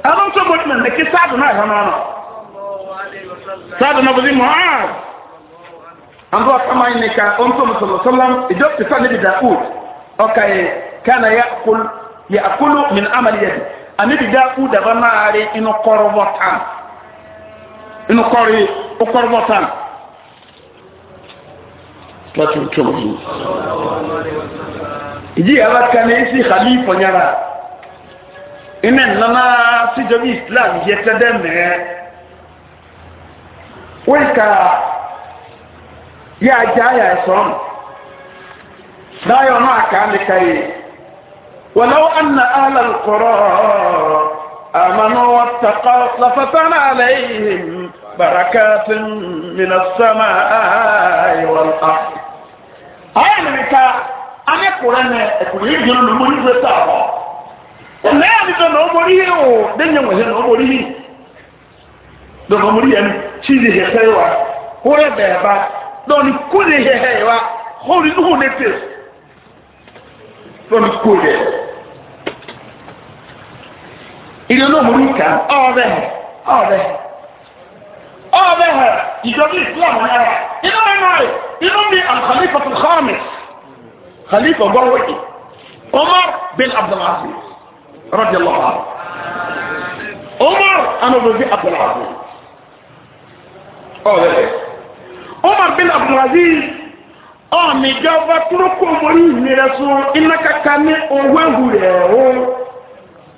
Speaker 1: àwọn tó mọ̀ nínú mi sáàdùn náà bó ní mohamed an bọ́ kama yi nìka o n tó musulmi sallam ìjọ ti fa níbi da'ud ọkà yìí kánà ya akulu min amali yadi a níbi da'ud daba náà rí inú kọrọ bọ tán inú kọrọ ó kọrọ bọ tán láti ń tó musulmi. ìdí yàrá kan ní sí khalifa nyara iná nana síjọba islam yẹ tẹ́lẹ̀ mẹ́ẹ́. wíkà yà àjà yà ẹ̀sọ́n dáyọ̀ náà kà á nìkà yìí wàlọ́wọ́ àná àlà kọ̀rọ̀ àmàna wà tàkà lọ́fàtàna àlẹ́ yìí barakàtì mina sàmà àyẹ̀wò à. ayé nìkà àmì kúrẹ́ nà ẹ̀kúrẹ́ yìí jẹ́ ọ̀nà mọ́ni fẹ́ sàbọ̀ ẹ̀nà yà nìkà nà ọmọ rí yìí o dẹ́nyẹ̀ wọ̀ yẹ nà ọmọ rí yìí. dɔnku mu yɛn tsi di hɛhɛ wa hore bɛɛ ba dɔnku ku di hɛhɛ wa hori nuhu ne te dɔnku ku yɛ ìdè náà mo ní kàn ɔbɛ ɔbɛ ɔbɛ hɛ ìjọba islam náà inú mi náà inú mi alikalifa tó xaami khalifa gɔwé omar bin abdulaziz radiallahu anhu omar anadozi abdulaziz ọ̀rẹ́ ọmọ bin abdulaziz ọmọ ìjọba kúrókò mọ́rí ìrìnrẹ̀ sun iná kaka ní owó ewu rẹ̀ o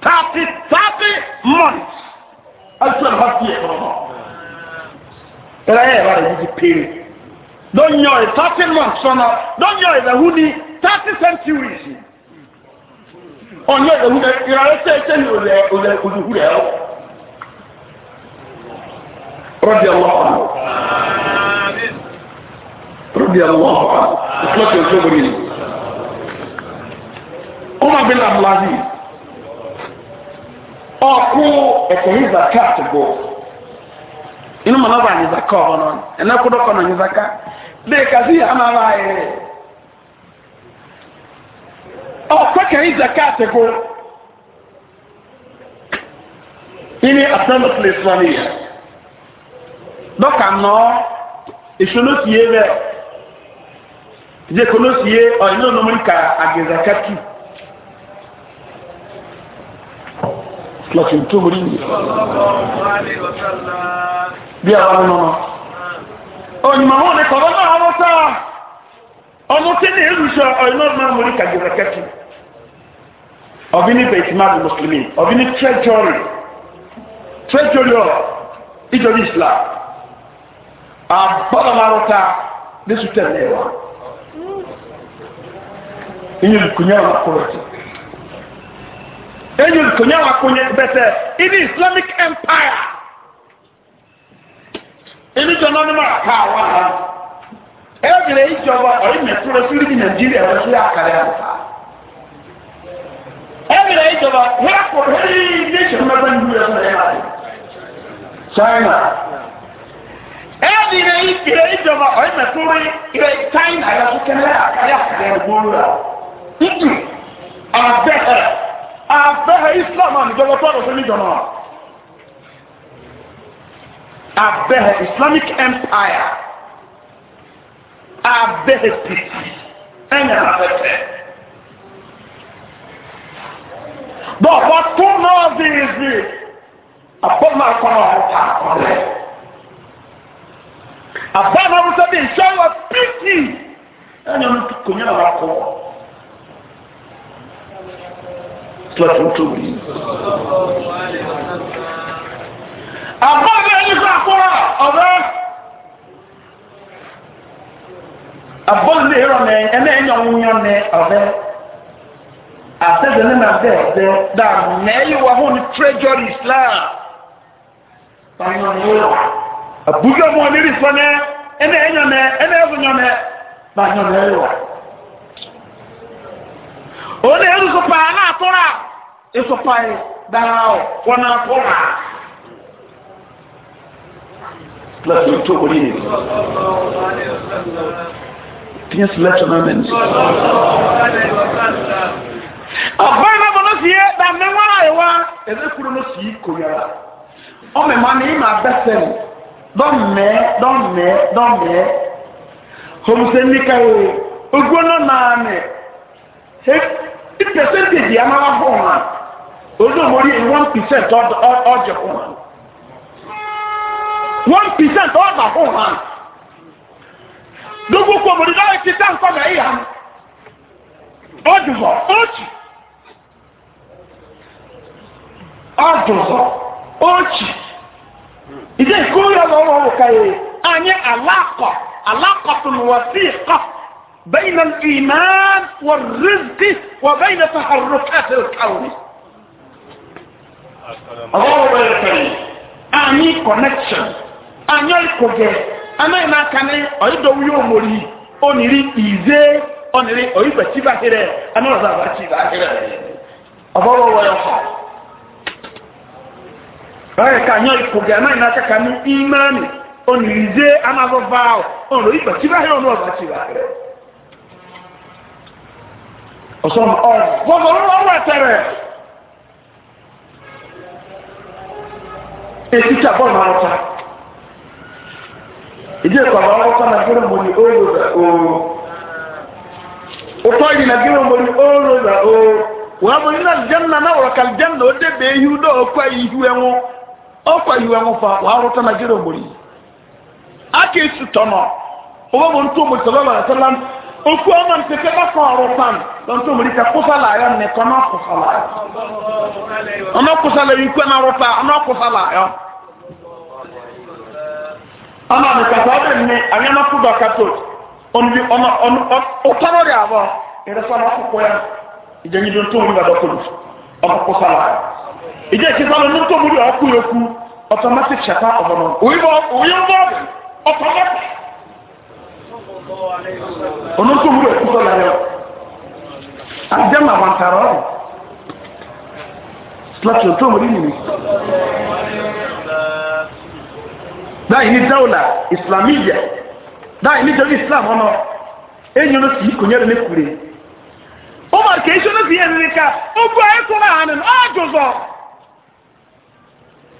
Speaker 1: thirty thirty months ọjọ́ ìbá fi ẹ̀ lọ́wọ́ ẹ̀rọ ayé ẹ̀rọ rẹ̀ yìí péré lọ́nyọ̀ ẹ̀ thirty months sọ́nà lọ́nyọ̀ ẹ̀ lẹ́hu ní thirty centuries ọ̀nyọ̀ ẹ̀ lẹ́hu ní ìrọ̀lẹ́sẹ̀ ẹ̀ṣẹ̀ ní olùhùrẹ̀ ọ̀. رضي الله عنه رضي الله عنه اطلق الجبري عمر بن عبد العزيز ọkụ ekweghị zaka atụgo inu mana ọba anyị zaka ọhụrụ ene kwụdọkọ na anyị zaka dị ka zi ya mara ọkụ ekweghị zaka atụgo ini asanat na islamiyya dọ́kà nọ ìṣòro sì yé bẹ́ẹ̀ ìdíje kò ló sì yé ọ̀yìn náà lómi ka àgèzà kẹ́tù lọ́sìn tó wọlé yìí bí àwọn ọmọ náà ọ̀yìnbó wọn ni kọ̀ọ̀dọ́ náà wọ́n sá ọmọ tí ní èrú sọ ọ̀yìn náà máa mọ̀rí ka àgèzà kẹ́tù ọ̀bí ní bẹ̀tìmá mùsùlùmí ọ̀bí ní tẹ́jọ́rì tẹ́jọ́rì ọ̀ ìjọba islam abala marota lisutelewa inyi likunyawa kuroti enyi likunyawa kunye bete ini islamic empire ini jọna ni mara ka awa ha ebire ijọba ọyị mẹtụrụ siri dị naijiria wee siri akara ya ebire ijọba ha kụrụ ha yi nation mmebe ndị ya china ɛdi na yi kele edzɔba ɔyɛ mɛtɔri ire china yɛ so kɛnɛ akaya yɛrɛ gbolo islam anu jɔlɔ tɔ lɔsɛ nijɔnɔ islamic empire abɛhɛ pisi ɛnyɛ afɛtɛ bɔn bɔn tó nɔɔzi zi abɔn ma kɔnɔ ɔta kɔnɔ abana wusa bi nhyɛn wa piti ɛna ɔno konya na wakɔ silasi wuto wuli abana yɛ nisa akɔra ɔbɛ abana ne yɛrɛ nɛ ɛna ɛnya wunya nɛ ɔbɛ asɛsɛ ne na bɛ ɔbɛ da mɛ yi wa ho ni treasure islam. Báyọ̀ abuja mu ɔne risɔ nɛ ɛnɛ ɛnyɔ nɛ ɛnɛ ɛfu ba nyɔ nɛ ɔne ɛnu so paa na atɔra ɛsɔ paa yi daa ɔ wɔn atɔra lati o tó wòle yi tiɲɛ na mɛni. ɔbɛn na bɔlɔ si da mɛ ŋmara yi wa ɛdɛ kuro no si ɔmɛ ma ni ma bɛ sɛn. dɔmɛ dɔmɛ dɔmɛ homse nika o ogbo no naanị he percentage ama wa ho ma ozo mori one percent ɔgye ho ma one percent ɔba ho ma dogo kɔ mori dɔwɛ kita nkɔ na eya no hɔ ɔgye hɔ ìdí ìkórè ọlọ́wọ́ wò ká yìí ànyẹ aláàkọ aláàkọ tó ní wọ́n sí ìkọ bẹ́yìn náà ìmán wọ́n rìzkì wọ́n bẹ́yìn náà fàhàrù káàtì káwé.
Speaker 2: ọlọ́wọ́ wò ká yìí
Speaker 1: ànyẹ connection ànyẹ ìkọ̀gẹ̀ anáyìn náà ká ní ọ̀yẹ́dọ̀wù yóò mọ̀rí onírì ìzé onírì ọ̀yẹ́bẹ̀tì bá kéré anáwó sábà tì bá kéré ọ̀bọ̀wọ̀ wọ̀ yọ̀ báyìí ká yan ipò gẹ̀ náà iná kẹ́kẹ́ ní ìmánì ìgbà tí ọ̀sán ẹ̀tẹ̀rẹ̀ èsì tí a bọ̀ náà ta ìdí ẹ̀kọ́ àwọn ọlọ́kọ́ náà gbọ́dọ̀ mọ̀ ní oòrùn rẹ̀ ooo yìí náà gbọ́dọ̀ mọ̀ ní oòrùn nínú àlùjẹ́ nínú ọ̀rọ̀ kàlùjẹ́ nínú ó ihu náà ó kọ́ ihu ọkwa yiwe nwụfa wàá rụta na jere ogbori aka esu tọnọ ụgbọ bụ ntụ ogbori sọlọ lọrọ sọlọ okwu ọma ntete baka ọrụ pan lọ ntụ ogbori ka kwụsala ya ọ na ọkwụsala ya ọna ya ikwe na ya ka ọ dị ọnụ abụọ ịrịsa ya dị ntụ ogbori na ya ìjẹ́ ìṣẹ́sọ́lọ́ ní tó múlò ọkú yòókù automatic ṣẹ̀fà ọ̀bọ̀nà òyìnbó ọ̀bẹ̀ automatic ọ̀nà tó múlò ọkú sọ́lá rẹ̀ àjẹ́mà àbàntàrà ọ̀rọ̀ slọ́tì tó múlò nìyí. dáì ní dáwùlà islamiyya dáì ní dáwùlà islam ọ̀nà ẹ̀yìn ló sì kò nyẹ́rẹ̀ ní kúrè. ó mà kìí ṣe ló sì yẹ nìkan ó gbọ́ ẹ̀kọ́ náà àná ọ̀jọ̀zọ̀.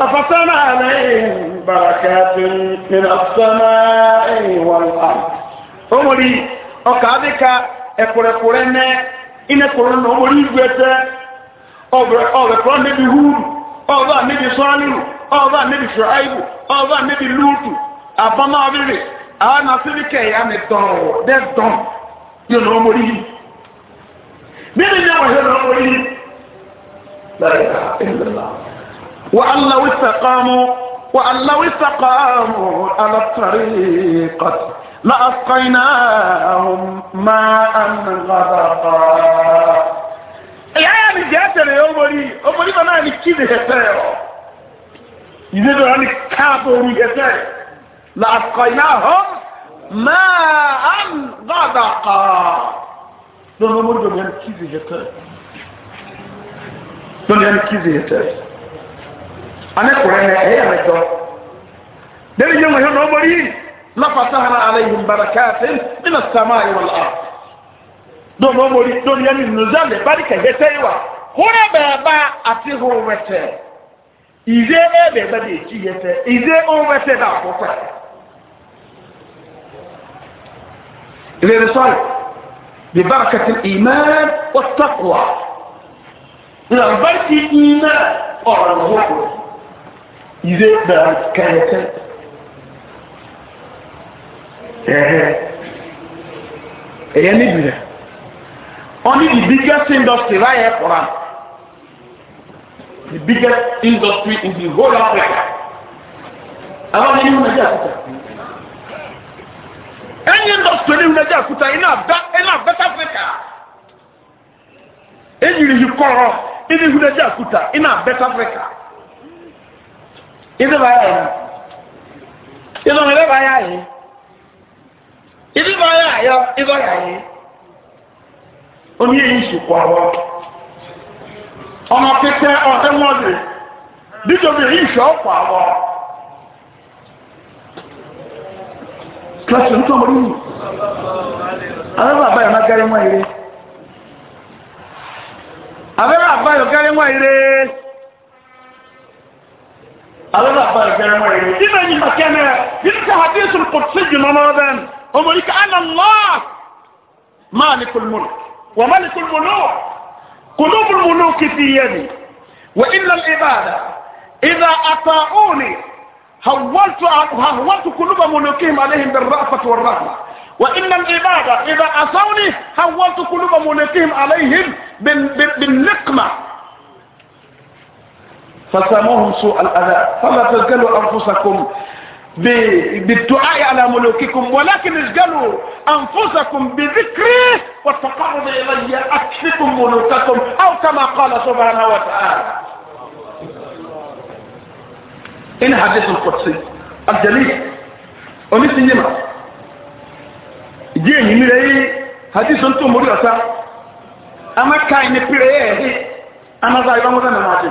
Speaker 1: لفتنا عليهم بركات من السماء والأرض أمري أكادك أكور أكورن إن أكورن أمري جوتا أبر أبر كرام نبي هود أبر نبي صالح أبر نبي شعيب أبر نبي لوط أبما أبري أنا سيدك يا متون ده دون ينو أمري مين يا وهر أمري
Speaker 2: لا إله إلا
Speaker 1: الله وأن لو استقاموا وأن لو استقاموا على الطريقة لأسقيناهم ماء غدقا يا إيه جاتر يا أمري أمري بنا نكيد هتايو يزيدوا عن الكابو مجتاي لأسقيناهم ماء غدقا دون أمري بنا نكيد هتايو دون أمري بنا نكيد هتايو anekore ne ɛyɛ ne dɔ dɛbi yɛ ŋmɛhɛ n'ɔbɔ yi lafasa hana alayhim barakate mina sama ayi wala ara do n'ɔbɔ yi do ni yanni nuzan de bari ka hɛtɛ yi wa hore bɛɛ ba ati hore wɛtɛ ize ɛɛ bɛɛ ba de eti hɛtɛ ize hore wɛtɛ da ko fɛ ìrẹsọ yìí bí barakati iman wọ́n tọ́kùwà ìrẹsọ yìí iman ọ̀rọ̀ ló wọ́pọ̀ ìdè bẹ̀rẹ̀ kẹ̀kẹ́ ẹ̀hẹ́ ẹ̀yẹ níbi rẹ̀ only the biggest industry right here for am the biggest industry in the whole africa àwọn ẹni wọn jẹ́ àkúta ẹni industry ni wọn jẹ́ àkúta iná àbá iná àbá africa ẹni rìhì kọ̀ọ̀rọ̀ ẹni wọn jẹ́ àkúta iná àbá africa ìdí bá yà yìí ìdí òmìnira bá yà yìí ìdí bá yà yọ ìdọ́ yà yìí oní èyí sùkú àwọ ọmọ pípẹ́ ọ̀tẹ́ mọ́ọ̀dì nítorí èyí sọ ọ̀pọ̀ àwọ. kílásì nítorí ọmọdé yìí abẹ́rẹ́ àbáyọ̀ náà gẹ́rẹ́ mọ́ ire abẹ́rẹ́ àbáyọ̀ gẹ́rẹ́ mọ́ ire.
Speaker 3: الله bari gɛrɛ ma yɛrɛ i
Speaker 1: bɛ ɲuman قلوب الملوك في يدي وإن العبادة إذا أطاعوني هولت هولت قلوب ملوكهم عليهم بالرأفة والرحمة وإن العبادة إذا أصوني هولت قلوب ملوكهم عليهم بالنقمة فسموهم سوء الأذى فلا تشغلوا أنفسكم بالدعاء على ملوككم ولكن اشغلوا أنفسكم بذكري والتقرب إلي أكفكم ملوككم أو كما قال سبحانه وتعالى إن حديث القدسي الجليل ومثل نمرة جيني ملي حديث انتم مريسا أما كاين بريه أما زي بمضان المعجم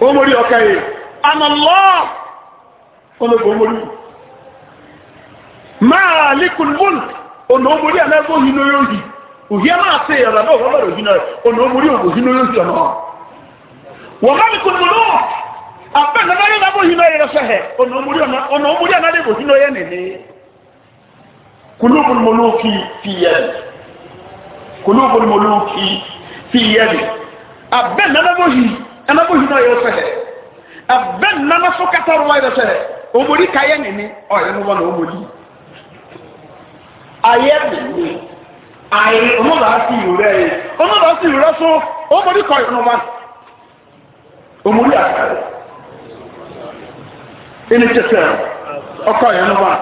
Speaker 1: omori ọ̀kà yìí anàlọ́ ológun omori máa líkùn mún ọ̀nà omori ẹ̀lẹ́gbọ́ yìí lórí òyì òyì ẹ̀ máa ṣe ẹ̀rọ náà rọ́bà rẹ̀ jìnnà ọ̀nà omori ògùn yìí lórí òyì ọ̀nà wọ́n máa líkùn mún náà abẹ́ nàbẹ́ yìí lábọ́ yìí lórí ẹ̀rọṣẹ́ ẹ̀ ọ̀nà omori ẹ̀nà lè bò yìí lórí ẹ̀nì kulubun muluki fi yẹn abẹ́ nàbẹ́ yìí ɛna bɔ hinɛ yɛ sɛ ɛbɛn nana so kata rɔ yɛ sɛ omori ka yɛ nini ɔyɛ no wɔna omori ayɛ nini ayɛ ɔmo na asi yura yɛ ɔmo na asi yura so omori kɔ yɛ no wɔna omori aka ɛni kyesɛ ɔkɔ yɛ no wɔna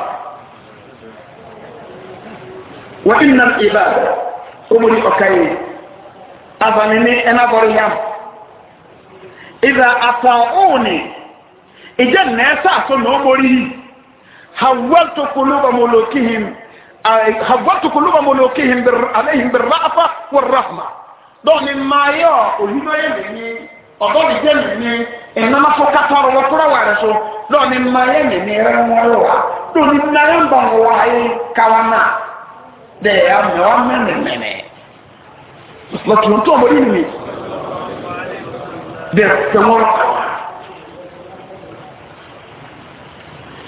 Speaker 1: wɔ inam ibada omori ɔka yɛ avanini ɛna bɔre yam ìdá àtàwọnì ìjẹ́ nẹ́ẹ̀sà àtọ́ náà mórí hawwatu kuluba mulukihim alayhim birrafa warrahma dɔɔni maayɔ oyinɔ yɛ nini ɔdɔ bi jɛ nini ɛnamafɔ katɔrɔ wɔkura wɛrɛ so dɔɔni maayɛ nini rɛwɔrɔ wa dɔɔni maayɛ nbɔnwɔ ayi kawana dɛ ɛyà mɛ wa mɛ mɛ mɛ lɔtɔntɔn bɔ yi nini bẹ̀rẹ̀ wọn.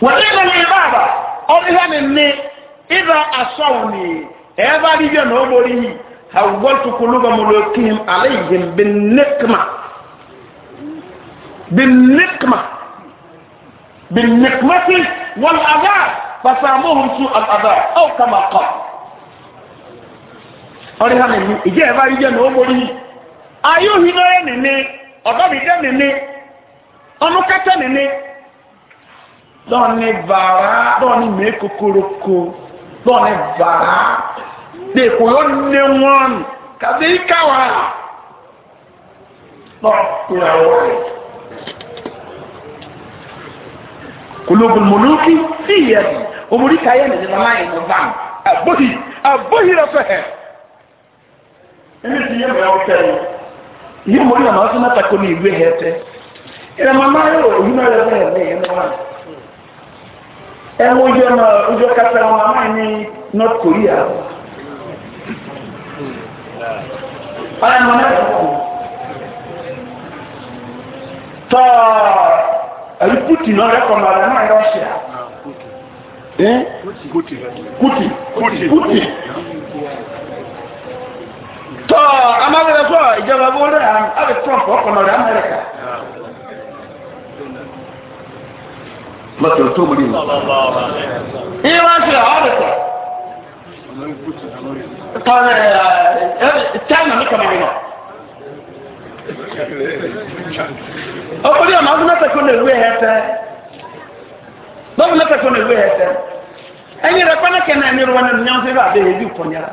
Speaker 1: wọ́n ní ìlànà ìbáàbà ọdún hẹ́ni ní ìdá asọ́wò ni ẹ̀ bá rí bíọ́nà ó borí yìí àwọn tukulu bá mo lọ kí him aláìhìm bí nìkìmà bí nìkìmà bí nìkìmà sí wọn àdá fasamuhum su al'adá aw kama kọ. ọdún hẹ́ni ní ìjẹ́ ẹ̀ bá rí bíọ́nà ó borí yìí ayé òhìn náà ẹ̀ nìní. ọ̀dọ́bìjẹ́ nìní ọmọkẹ́tẹ́ nìní lọ́ọ̀ni bàrá lọ́ọ̀ni mẹ́kọ̀kọ̀rọ̀kọ̀ lọ́ọ̀ni bàrá lẹ́kọ̀ọ́ yóò ní wọn kàdé káwà lọ́ọ̀kúyàwó rẹ̀ kòlóògùn mọ̀lúkì sí ìyẹn ka káyẹ̀ nìyẹn lọ́la ìwọ̀n bá àbóhì àbóhì ẹni yìí mo na ọ̀nà ọ̀sán náà tako ní ìwé yẹn tẹ ẹ̀rọ màmá yóò òyìn náà yọ bẹ́ẹ̀ ní ẹ̀yẹn náà ẹ̀ ń wọ́n yọ ọ̀nà ojú kata wọn màmá yìí ní north korea ọ̀rẹ́ mọ̀ náà yọ kù tọ́ ẹ̀rí putin náà rẹ̀ kọ̀ọ̀nà ọ̀rẹ́ náà yọ ọ̀ṣẹ́ Kuti. Kuti. Kuti tọ́ amábẹ́rẹ́ fọ́ ìjọba bó rẹ̀ àbẹ̀ trump ọkọ̀nà rẹ̀ amẹ́ríkà.
Speaker 2: lọ́tọ̀ tó múlí mi.
Speaker 1: iye wá sí ọ̀rẹ́ tẹ̀. tọ́lẹ̀ china ní kàmá nínú.
Speaker 2: ọkùnrin ọmọ ọdún mẹ́ta
Speaker 1: kó lè wé ẹ tẹ́. lọ́dún mẹ́ta kó lè wé ẹ tẹ́. ẹ̀yin rẹ̀ pẹ́ẹ́nẹ́kẹ́ náà ẹni rẹ̀ wọn ni wọ́n ti rà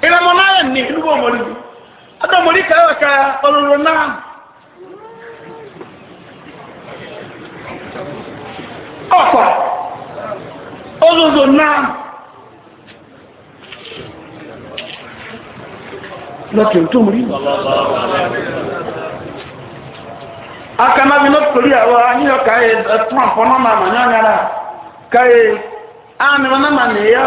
Speaker 1: ìrẹmọ náà yẹn ní inú bò mọ̀rí ka kàwàkà ọlọ́rọ̀ Ọkwa ọ̀pá ọlọ́rọ̀ náà
Speaker 2: lọ́kẹ̀ tó mọ̀rí
Speaker 1: akamabi north korea wa ka ma ma nyɔnyara ka ye a nana ma ne ya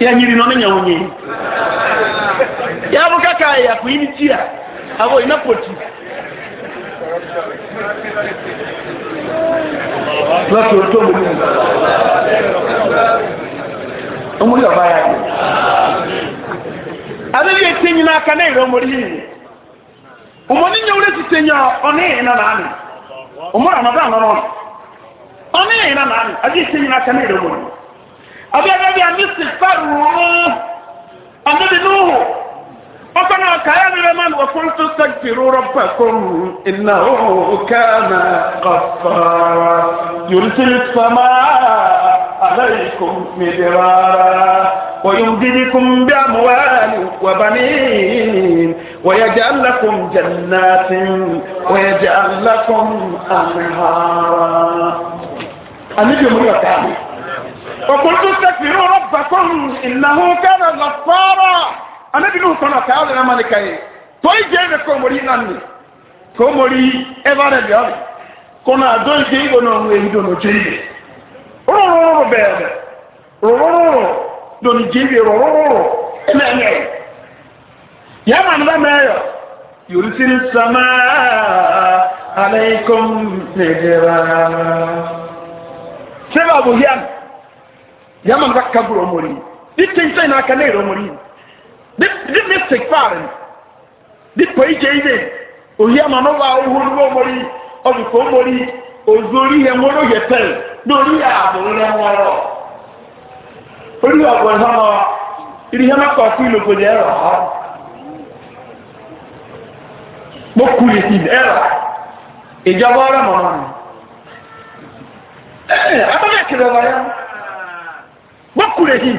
Speaker 1: ya nyiri no nenya wonye ya bukaka ya kuimitia abo inapoti lati oto
Speaker 2: mu ni omuli ọba ya ni
Speaker 1: adébí etí nyina na náà èrè omori yìí omoni nyɛ wúlé títí nyɛ ɔne yìí nà nàní omori amadá nà nọ ɔne yìí nà nàní adébí etí nyina aka náà èrè omori yìí. ọbẹ̀ ẹ̀dẹ́bí àmísì fẹ́rùn-ún ọ̀nẹ́bí lóhù ọkọ̀ náà kàáyà nílẹ̀ máa ń wọ̀ fún tó sẹ́kìrì rọ́bà kún iná òkè náà kọ̀fà yorùsí sọ́mà aláìkùn mìíràn ويمددكم بأموال وبنين ويجعل لكم جنات ويجعل لكم أنهارا. أنا بيقول لك وقلت استغفروا ربكم انه كان غفارا انا بنو كنا كاول انا مالكاي توي جيبه كومري ناني كومري ايفار بيو كنا دون جي غنو وي دون جي رو رو رو بيو رو رو رو دون جي رو رو رو انا انا يا من ما يرسل السماء عليكم مدرارا سبب يعني yàmà nga kaburo mori di tẹnsẹ na aka n'ero mori di di mistake faari di pẹ̀lú jẹ́yẹ́ òhì àmà n'ọba ọ̀hún ní wọ́n mori ọ̀dùkọ̀ mori òzòrí yẹn wọ́n ló yẹ pẹ̀lú lórí yà àbúrò rẹ̀ wọ́n rọ̀ orí ọ̀gbọ̀n hàn ọ́ ìdí yẹn kọ̀ fún ìlòkòdì ẹ̀rọ ọ́ mo kú lè fi ẹ̀rọ ìjọba ọ̀rẹ́ mọ̀ọ́nù ẹ̀ ẹ̀ abẹ́rẹ́ kìlọ̀ wáyà. wakurehi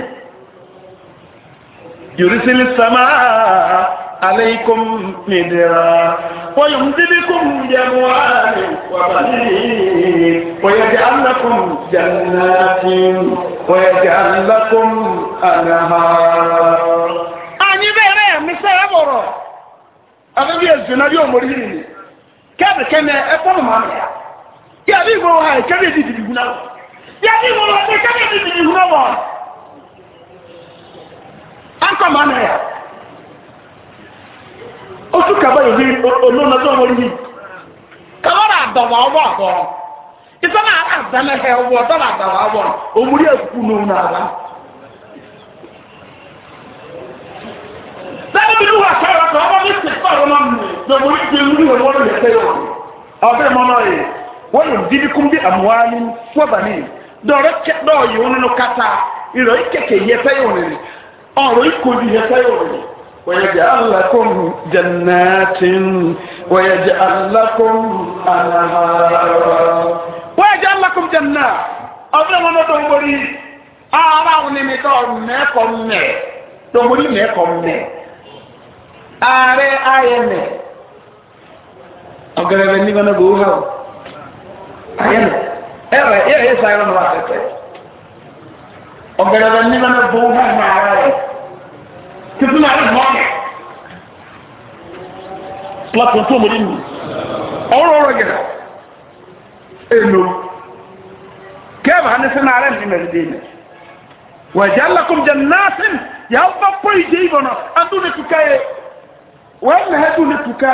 Speaker 1: yurisil samaa alaykum midra wa yumdidukum biamwalin wa banin wa yaj'al lakum jannatin wa yaj'al lakum anhara anyi bere misere boro abi bi ezuna bi omori ni kebe kene e pon ma ya ya bi go ha kebe di di guna yàtí ìwòrò ọ̀sẹ̀ kẹ́lẹ́ ti dìbì ìhúrọ̀ wọ̀ ankọ̀ máa nà yà oṣù kaba yìí olóòna tó wọlé yìí kàwọ́rọ̀ àdọ̀wọ̀ ọwọ́ àbọ̀ ìsọ́nà àrà àdámẹ́hẹ̀ ọwọ́ ọ̀dọ́rọ̀ àdọ̀wọ̀ àbọ̀ òmùrí èkú nù nàrà. lẹ́nu bí wà ọmọ náà ìwọ̀n wọ́n lè mọ́nà yìí wọ́n yóò dídí kúndé dɔrɔ kɛ dɔɔ yi wɔn no kata irɔ yi kɛkɛ yɛ fɛ yɛ wɔn ni ɔrɔ yi kodi yɛ fɛ yɛ wɔn ni. ويجعل لكم جنات ويجعل لكم أنهارا ويجعل لكم جنات أبدا ما نتوبري ara wọn ni mẹta mẹkọ mẹ lọmọdé mẹkọ mẹ ààrẹ ayẹ mẹ ọgẹrẹ bẹ nígbà náà gbowó hàn ayẹ mẹ ẹ̀rọ ẹ̀rọ yẹ sáyẹn lọ́nà wà tẹ̀tẹ̀ ọ̀gẹ̀dẹ̀ ní mẹ́rin bó wà ní ara rẹ̀ tuntun náà rẹ̀ mọ́ mi plọt tó mo ní mi ọ̀rọ̀ ọ̀rọ̀ gẹ̀dẹ̀ èlò ní sinna rẹ̀ ní mẹ́rin dé mi wàjà lakum jẹ naasin yàá bá pọ̀ ìdè ìbọn náà adúlé tuka yẹ wàá nà ẹ́ tuka.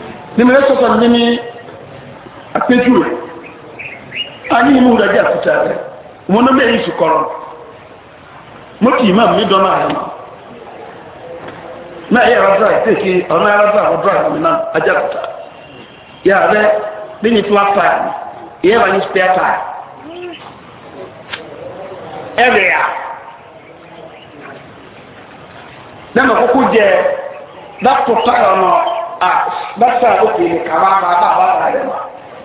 Speaker 1: nínú ẹ̀sọ́ kan ní ní apẹ́jú rẹ̀ a ní ìmú ìdájí àtúntà rẹ̀ wọn náà bẹ́ẹ̀ yìí kọ́rọ̀ mo kì í máa mi dán náà yẹn náà yẹ ara dráì tèké ọ̀nà ara dráì ọ̀ dráì mi náà ajá kùtà yà rẹ̀ bí ní flat tire yẹ wà ní spare tire ẹ̀rẹ̀ yà dẹ́nu àkókò jẹ dáàtò tire náà a ah, basa oke ne kaba ba ba ba ba yɛ ma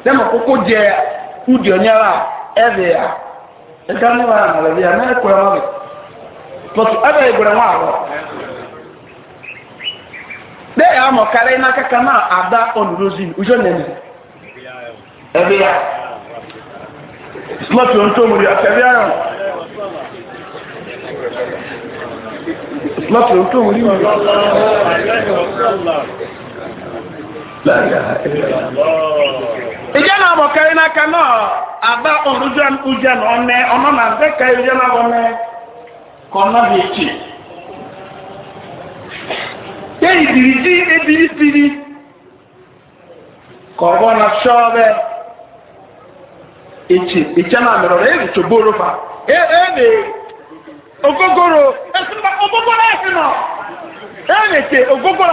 Speaker 1: dɛm akoko jɛ udi ɔnyala ɛdi a ɛka ne wa na lɛbi a na ekura ma mi pɔtɔ ɛbɛ egbere wa awɔ de ya mɔ kari na kaka na ada ɔnurozi ujo nene ɛbi a
Speaker 2: pɔtɔ ntomu yɔ ɛbi a yɔ pɔtɔ ntomu yɔ. ìjẹ́
Speaker 1: náà n'aka kẹ́rin náà kan náà àbá òrùjọ́ ìjẹ́ náà ọ̀nẹ́ ọ̀nà náà ka kẹ́rin ìjẹ́ náà ọ̀nẹ́ kọ̀ọ̀nà bíi ka ọ ìdìrí e e na ebìrí piri kọ̀ọ̀bọ̀ náà ọrụ bẹ́ èkì ìjẹ́ náà ogogoro rẹ̀ èrò tó gbòòrò fà. ogogoro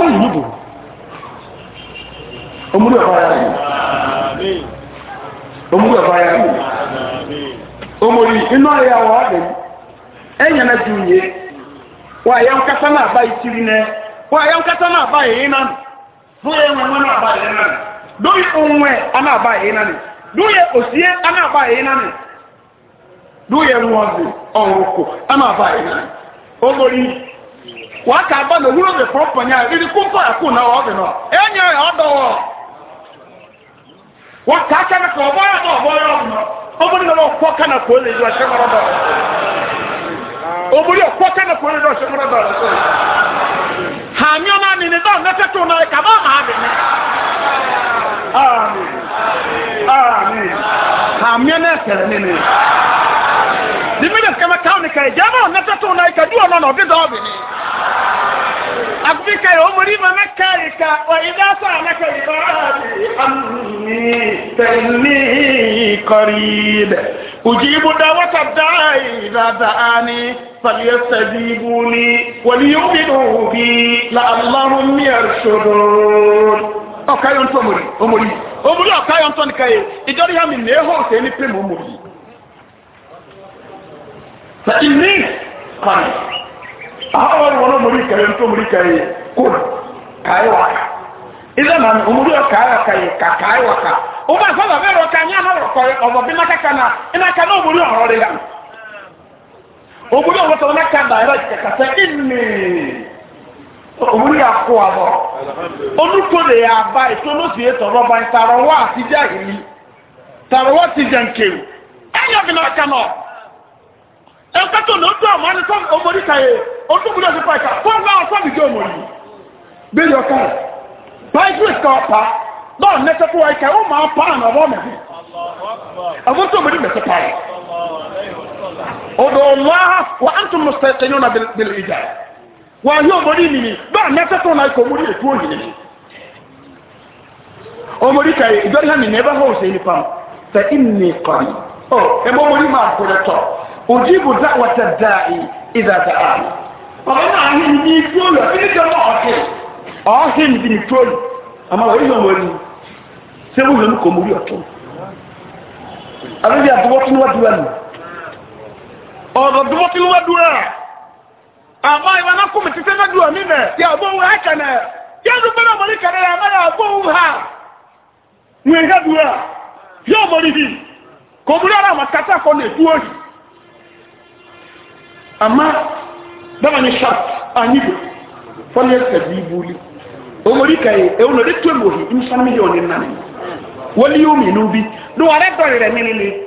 Speaker 1: ọ̀rọ̀ yìí dùn omúlò ọ̀fà yà rẹ̀
Speaker 2: omúlò ọ̀fà yà rẹ̀
Speaker 1: omori inú ayé àwọn àdìm ẹ̀yàn náà ju yìí wọ́n àyẹ̀ nkátá náà bá yìí kiri nẹ́ wọ́n àyẹ̀ nkátá waka aba na owuro de pɔmpɔ nya ɛdi kumpa ɛko na ɔdi nɔ ɛnya ɔdɔ wɔ waka akyɛ no ka ɔbɔ yɛ ɔbɔ yɛ ɔdi nɔ ɔbɔdi na ɔkɔ ka na kɔɔ lɛyi ɔhyɛ mɔrɔ dɔ ɔbɔdi ɔkɔ ka na kɔɔ lɛyi ɔhyɛ mɔrɔ dɔ ha nyɔma ni ni dɔn nɛtɛ tó na ɛka bɔ maa di ni ami ami ha miɛ e na ɛsɛrɛ ni ni dimi de kɛmɛ kaw ni ka ɛgya na tó na ɛka du ɔnɔ na ɔdi dɔ ɔbi ni akufika yɛ omori ma mɛ kaari ka wa ida sɔ alaka yiba ami tɛni kɔri dɛ ujibu dawata daayi dadaani faliya sajibuni waliyuminu bi la alahum yarsudun ɔkayɔ ntɔ omori omori omori ɔkayɔ ntɔ nika ye idɔri hami ne ho sɛ ni pe mu omori fa inni kɔri. awo ọrụ wọn omori nke ntọ omori kẹrẹ yẹ kóòlù waka ìdá nà ní omori waka yẹ kà kàáyé waka ọba sábà bẹ́ẹ̀ rọ̀ ka àná rọ̀ kọ́ ọ̀bọ̀ bí má ọrụ ẹ̀kọ́tò ló tó àmọ́ ní sọ́ọ̀mù ọmọdé kàyé ọdúnkùnrin ọ̀sẹ̀ pàṣà fọ́ọ̀mù náà sọ́ọ̀mù ìjọ ọmọ yìí bí yọ ká pàṣípìs kan pa náà mẹ́tẹ́ fún wa ìkà ó máa pa àná ọmọ mẹ́tẹ́ àwọn tó ọmọdé mẹ́tẹ́ pa yìí. ọ̀dọ̀ ọ̀láha wà á tún mọ̀ sẹ́yìn náà bẹ̀rẹ̀ ìjà wà á yí ọmọdé nìyí báà mẹ́tẹ́ fún wa ìkà ọmọdé ètò òyìn ọmọdé kàyé ìjọ ojibu da'wata da'i idha da'a ọba náà ahìn ni tóòlù ẹbí jẹ náà ọkẹ ọhìn ní tóòlù àmà wọ́n yọ wọ́n ni ṣé wọ́n yọ ní kòmórí ọ̀tún àbẹ́bí àdúgbòtúnúwàdúrà ni ọ̀rọ̀ dúgbòtúnúwàdúrà àmà ìwà náà kùmì títí nàdúrà mí nà yà ọ̀bọ̀ wù Ya kànà yà ló bẹ́ẹ̀ mọ̀lì kànà yà má yà ọ̀bọ̀ wù hà wù hà dúrà yà ọ̀mọ̀lì yìí kòmórí ara àmà kàtà kọ́ nà ètú òyì amma dama ni shart anyibo fɔlɔ ɛsɛ bi buli omori ka ye ewu na de to mohi nsọmi yɛ ɔni nani wali yi omi nu bi do ɔrɛ dɔri rɛ nilili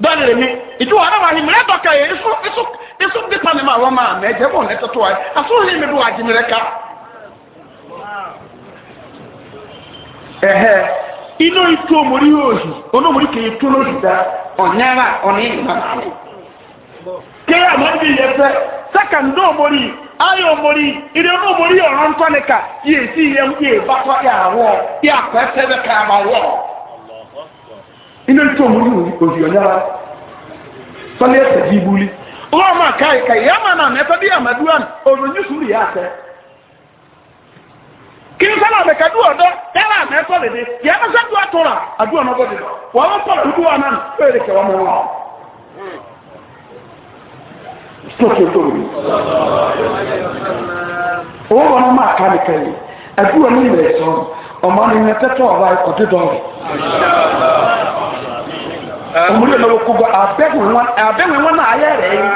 Speaker 1: dɔri ni ìdí ɔrɛ wa ni mìrɛ to ka Isu isu isu esu bipa ni ma wɔ ma mɛ jɛ bɔ ne tɔtɔ ayi aso yi mi do adi mi rɛ ka ɛhɛ inu yi to omori yi ono omori ka ye no n'ohi da ɔnyara ɔni nana kéèyà máa ń bí yẹn fẹ́ sẹ́kàndó òmòrì ayé òmòrì ìdè ní òmòrì ọ̀rọ̀ ń tọ́ni ká yìí sí yẹn yìí bá tọ́ yà wọ́ yà pẹ́ sẹ́bẹ̀ ká yà bá wọ́. iná tó òmòrì òjì ọ̀nyára sọ́ni ẹ̀sẹ̀ jí ibú li. wọ́n máa ká ìka ìyá máa nà mẹ́fẹ́ bí àmàdúrà òròyìn sùúrù yà sẹ́. kí n sábà bẹ̀ka dú ọ̀dọ́ yàrá mẹ́fọ́ lèdè yàrá mẹ́fẹ́ dú àtúrà àdúrà náà bọ̀ sókè tóbi owó wọn máa ká nìkan yìí ẹgbẹ́ wọn ní ìrẹ̀ sọ ọmọ ní ilẹ̀ tẹ́tọ́ ọba ẹ̀kọ́ tó dọ̀rọ̀ òmùlẹ̀ náà wọ́n kúgbọ́ abẹ́wẹ̀ wọn náà ayé rẹ̀ yìí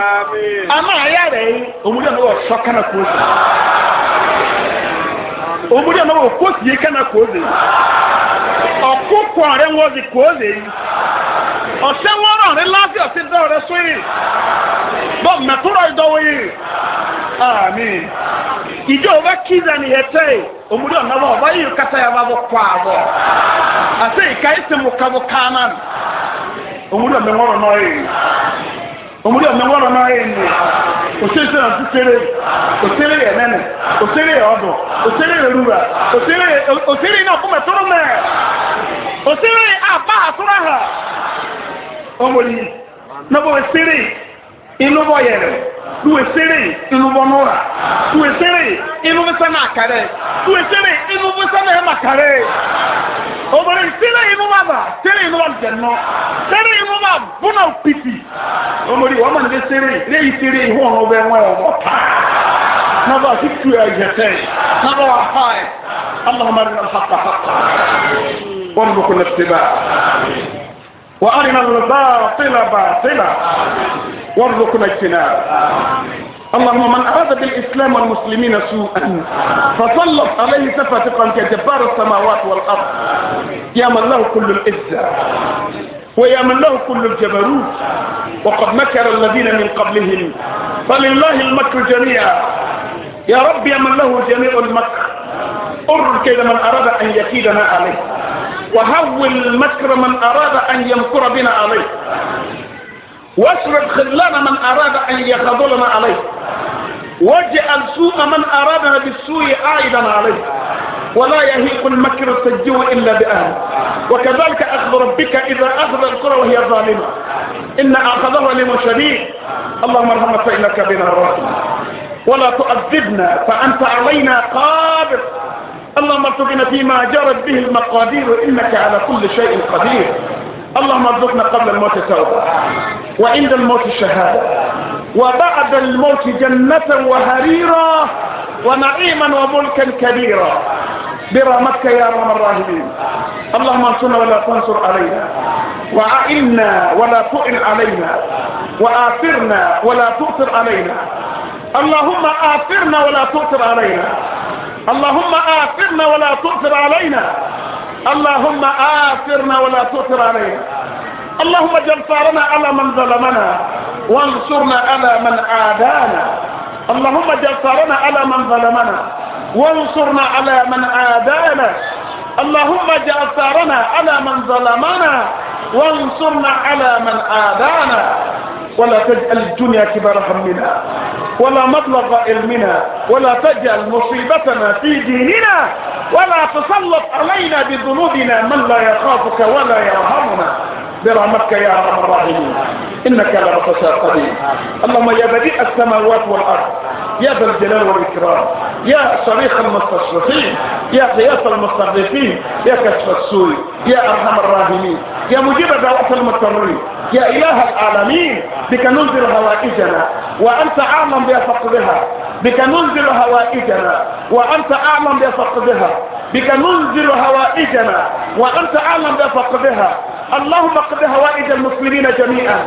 Speaker 1: àmà ayé rẹ̀ yìí òmùlẹ̀ náà wọ́n sọ kánà kó sí òmùlẹ̀ náà wọ́n kó sí kánà kó sí ọ̀kú kọ̀ rẹ̀ wọ́n sì kó sí ọ̀sẹ̀ w dọ́rọ̀ rẹ láti ọ̀sẹ̀ dọ́rọ̀ rẹ sóyè bọ́ mẹ́tọ́rọ̀ ìdọ́wọ́ yìí àmì ìjọ ọba kíza ni hẹtẹ́ yìí òmùdí ọba yìí kata yà bá bọ̀ kọ́ àbọ̀ àti ìka ẹsẹ̀ mu kabọ̀ kánà òmùdí ọ̀nà náà yìí òmùdí ọ̀nà náà yìí ni òṣèṣe náà ti tẹ́lẹ̀ òṣèré yẹ nẹ́nẹ̀ òṣèré yẹ ọdún òṣèré yẹ rúra òṣèré náà òṣèré ọmọlì nọbọ esere inúbọ yẹrẹ tu esere inúbọ nura tu esere inúbọ sẹnẹ akarẹ tu esere inúbọ sẹnẹ ẹmakarẹ obìnrin sẹlẹ inúbọ àbà sẹlẹ inúbọ àjẹnọ sẹlẹ inúbọ àbúnà òpìtì ọmọlì wọn mọlẹ sẹlẹ lẹyìn sẹlẹ ihun ọhún bẹ wọn ọwọ taa nọbọ àti tu ẹjẹtẹ nọbọ wà fà ẹ alahumma rinna hapa hapa wọn bọ kọ nẹfẹ báyìí. وارنا الباطل باطلا وارزقنا اجتناب اللهم من اراد بالاسلام والمسلمين سوءا فسلط عليه سفاتقا كجبار السماوات والارض يا من له كل العزه ويا من له كل الجبروت وقد مكر الذين من قبلهم فلله المكر جميعا يا رب يا من له جميع المكر ارد كيد من أراد أن يكيدنا عليه وهول مكر من أراد أن يمكر بنا عليه واشرب خذلان من أراد أن يخذلنا عليه واجعل سوء من أرادنا بالسوء عائدا عليه ولا يهيق المكر السجو إلا بأهله وكذلك أخذ ربك إذا أخذ القرى وهي ظالمة إن أخذها لمن شديد اللهم ارحم فإنك بنا الراحمين ولا تؤذبنا فأنت علينا قادر اللهم ارزقنا فيما جرت به المقادير إنك على كل شيء قدير اللهم ارزقنا قبل الموت توبة وعند الموت شهادة وبعد الموت جنة وهريرا ونعيما وملكا كبيرا برحمتك يا ارحم الراحمين اللهم انصرنا ولا تنصر علينا وعائلنا ولا تؤل علينا وآثرنا ولا تؤثر علينا اللهم آثرنا ولا تؤثر علينا اللهم آثرنا ولا تؤثر علينا اللهم آثرنا ولا تؤثر علينا اللهم اجعل ثارنا على من ظلمنا وانصرنا على من عادانا اللهم اجعل ثارنا على من ظلمنا وانصرنا على من عادانا اللهم اجعل ثارنا على من ظلمنا وانصرنا على من عادانا ولا تجعل الدنيا كبر همنا ولا مبلغ علمنا ولا تجعل مصيبتنا في ديننا ولا تسلط علينا بذنوبنا من لا يخافك ولا يرحمنا برحمتك يا ارحم الراحمين انك لا قديم قدير اللهم يا بديع السماوات والارض يا ذا الجلال والاكرام يا صريخ المستشرقين يا قياس المستغرقين يا كشف السوء يا ارحم الراحمين يا مجيب دعوه المضطرين يا إله العالمين بك ننزل هوائجنا وأنت أعلم بفقدها بك ننزل هوائجنا وأنت أعلم بفقدها بك ننزل هوائجنا وأنت أعلم بفقدها اللهم اقض هوائج المسلمين جميعا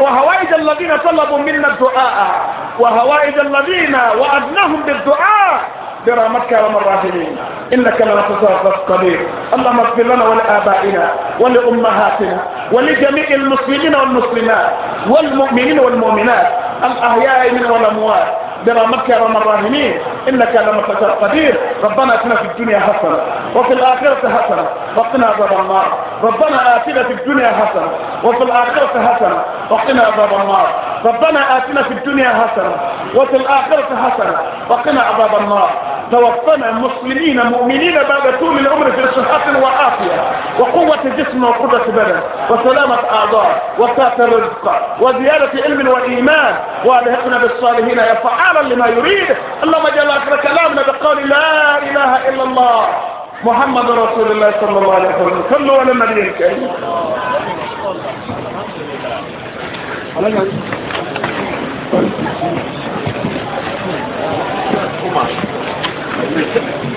Speaker 1: وهوائج الذين طلبوا منا الدعاء وهوائج الذين وأدناهم بالدعاء برحمتك يا الراحمين انك لنا تصرف القدير اللهم اغفر لنا ولابائنا ولامهاتنا ولجميع المسلمين والمسلمات والمؤمنين والمؤمنات الاحياء من والاموات برحمتك يا ارحم الراحمين انك لما تشاء قدير ربنا اتنا في الدنيا حسنه وفي الاخره حسنه وقنا عذاب النار ربنا اتنا في الدنيا حسنه وفي الاخره حسنه وقنا عذاب النار ربنا اتنا في الدنيا حسنه وفي الاخره حسنه وقنا عذاب النار توفنا مسلمين مؤمنين بعد طول العمر في صحة وعافية وقوة جسم وقدرة بدن وسلامة أعضاء وسعة رزق وزيادة علم وإيمان وألهقنا بالصالحين يا فعال فعلا لما يريد اللهم جل اخر كلامنا بقول لا اله الا الله محمد رسول الله صلى الله عليه وسلم صلوا على النبي الكريم
Speaker 2: Thank you.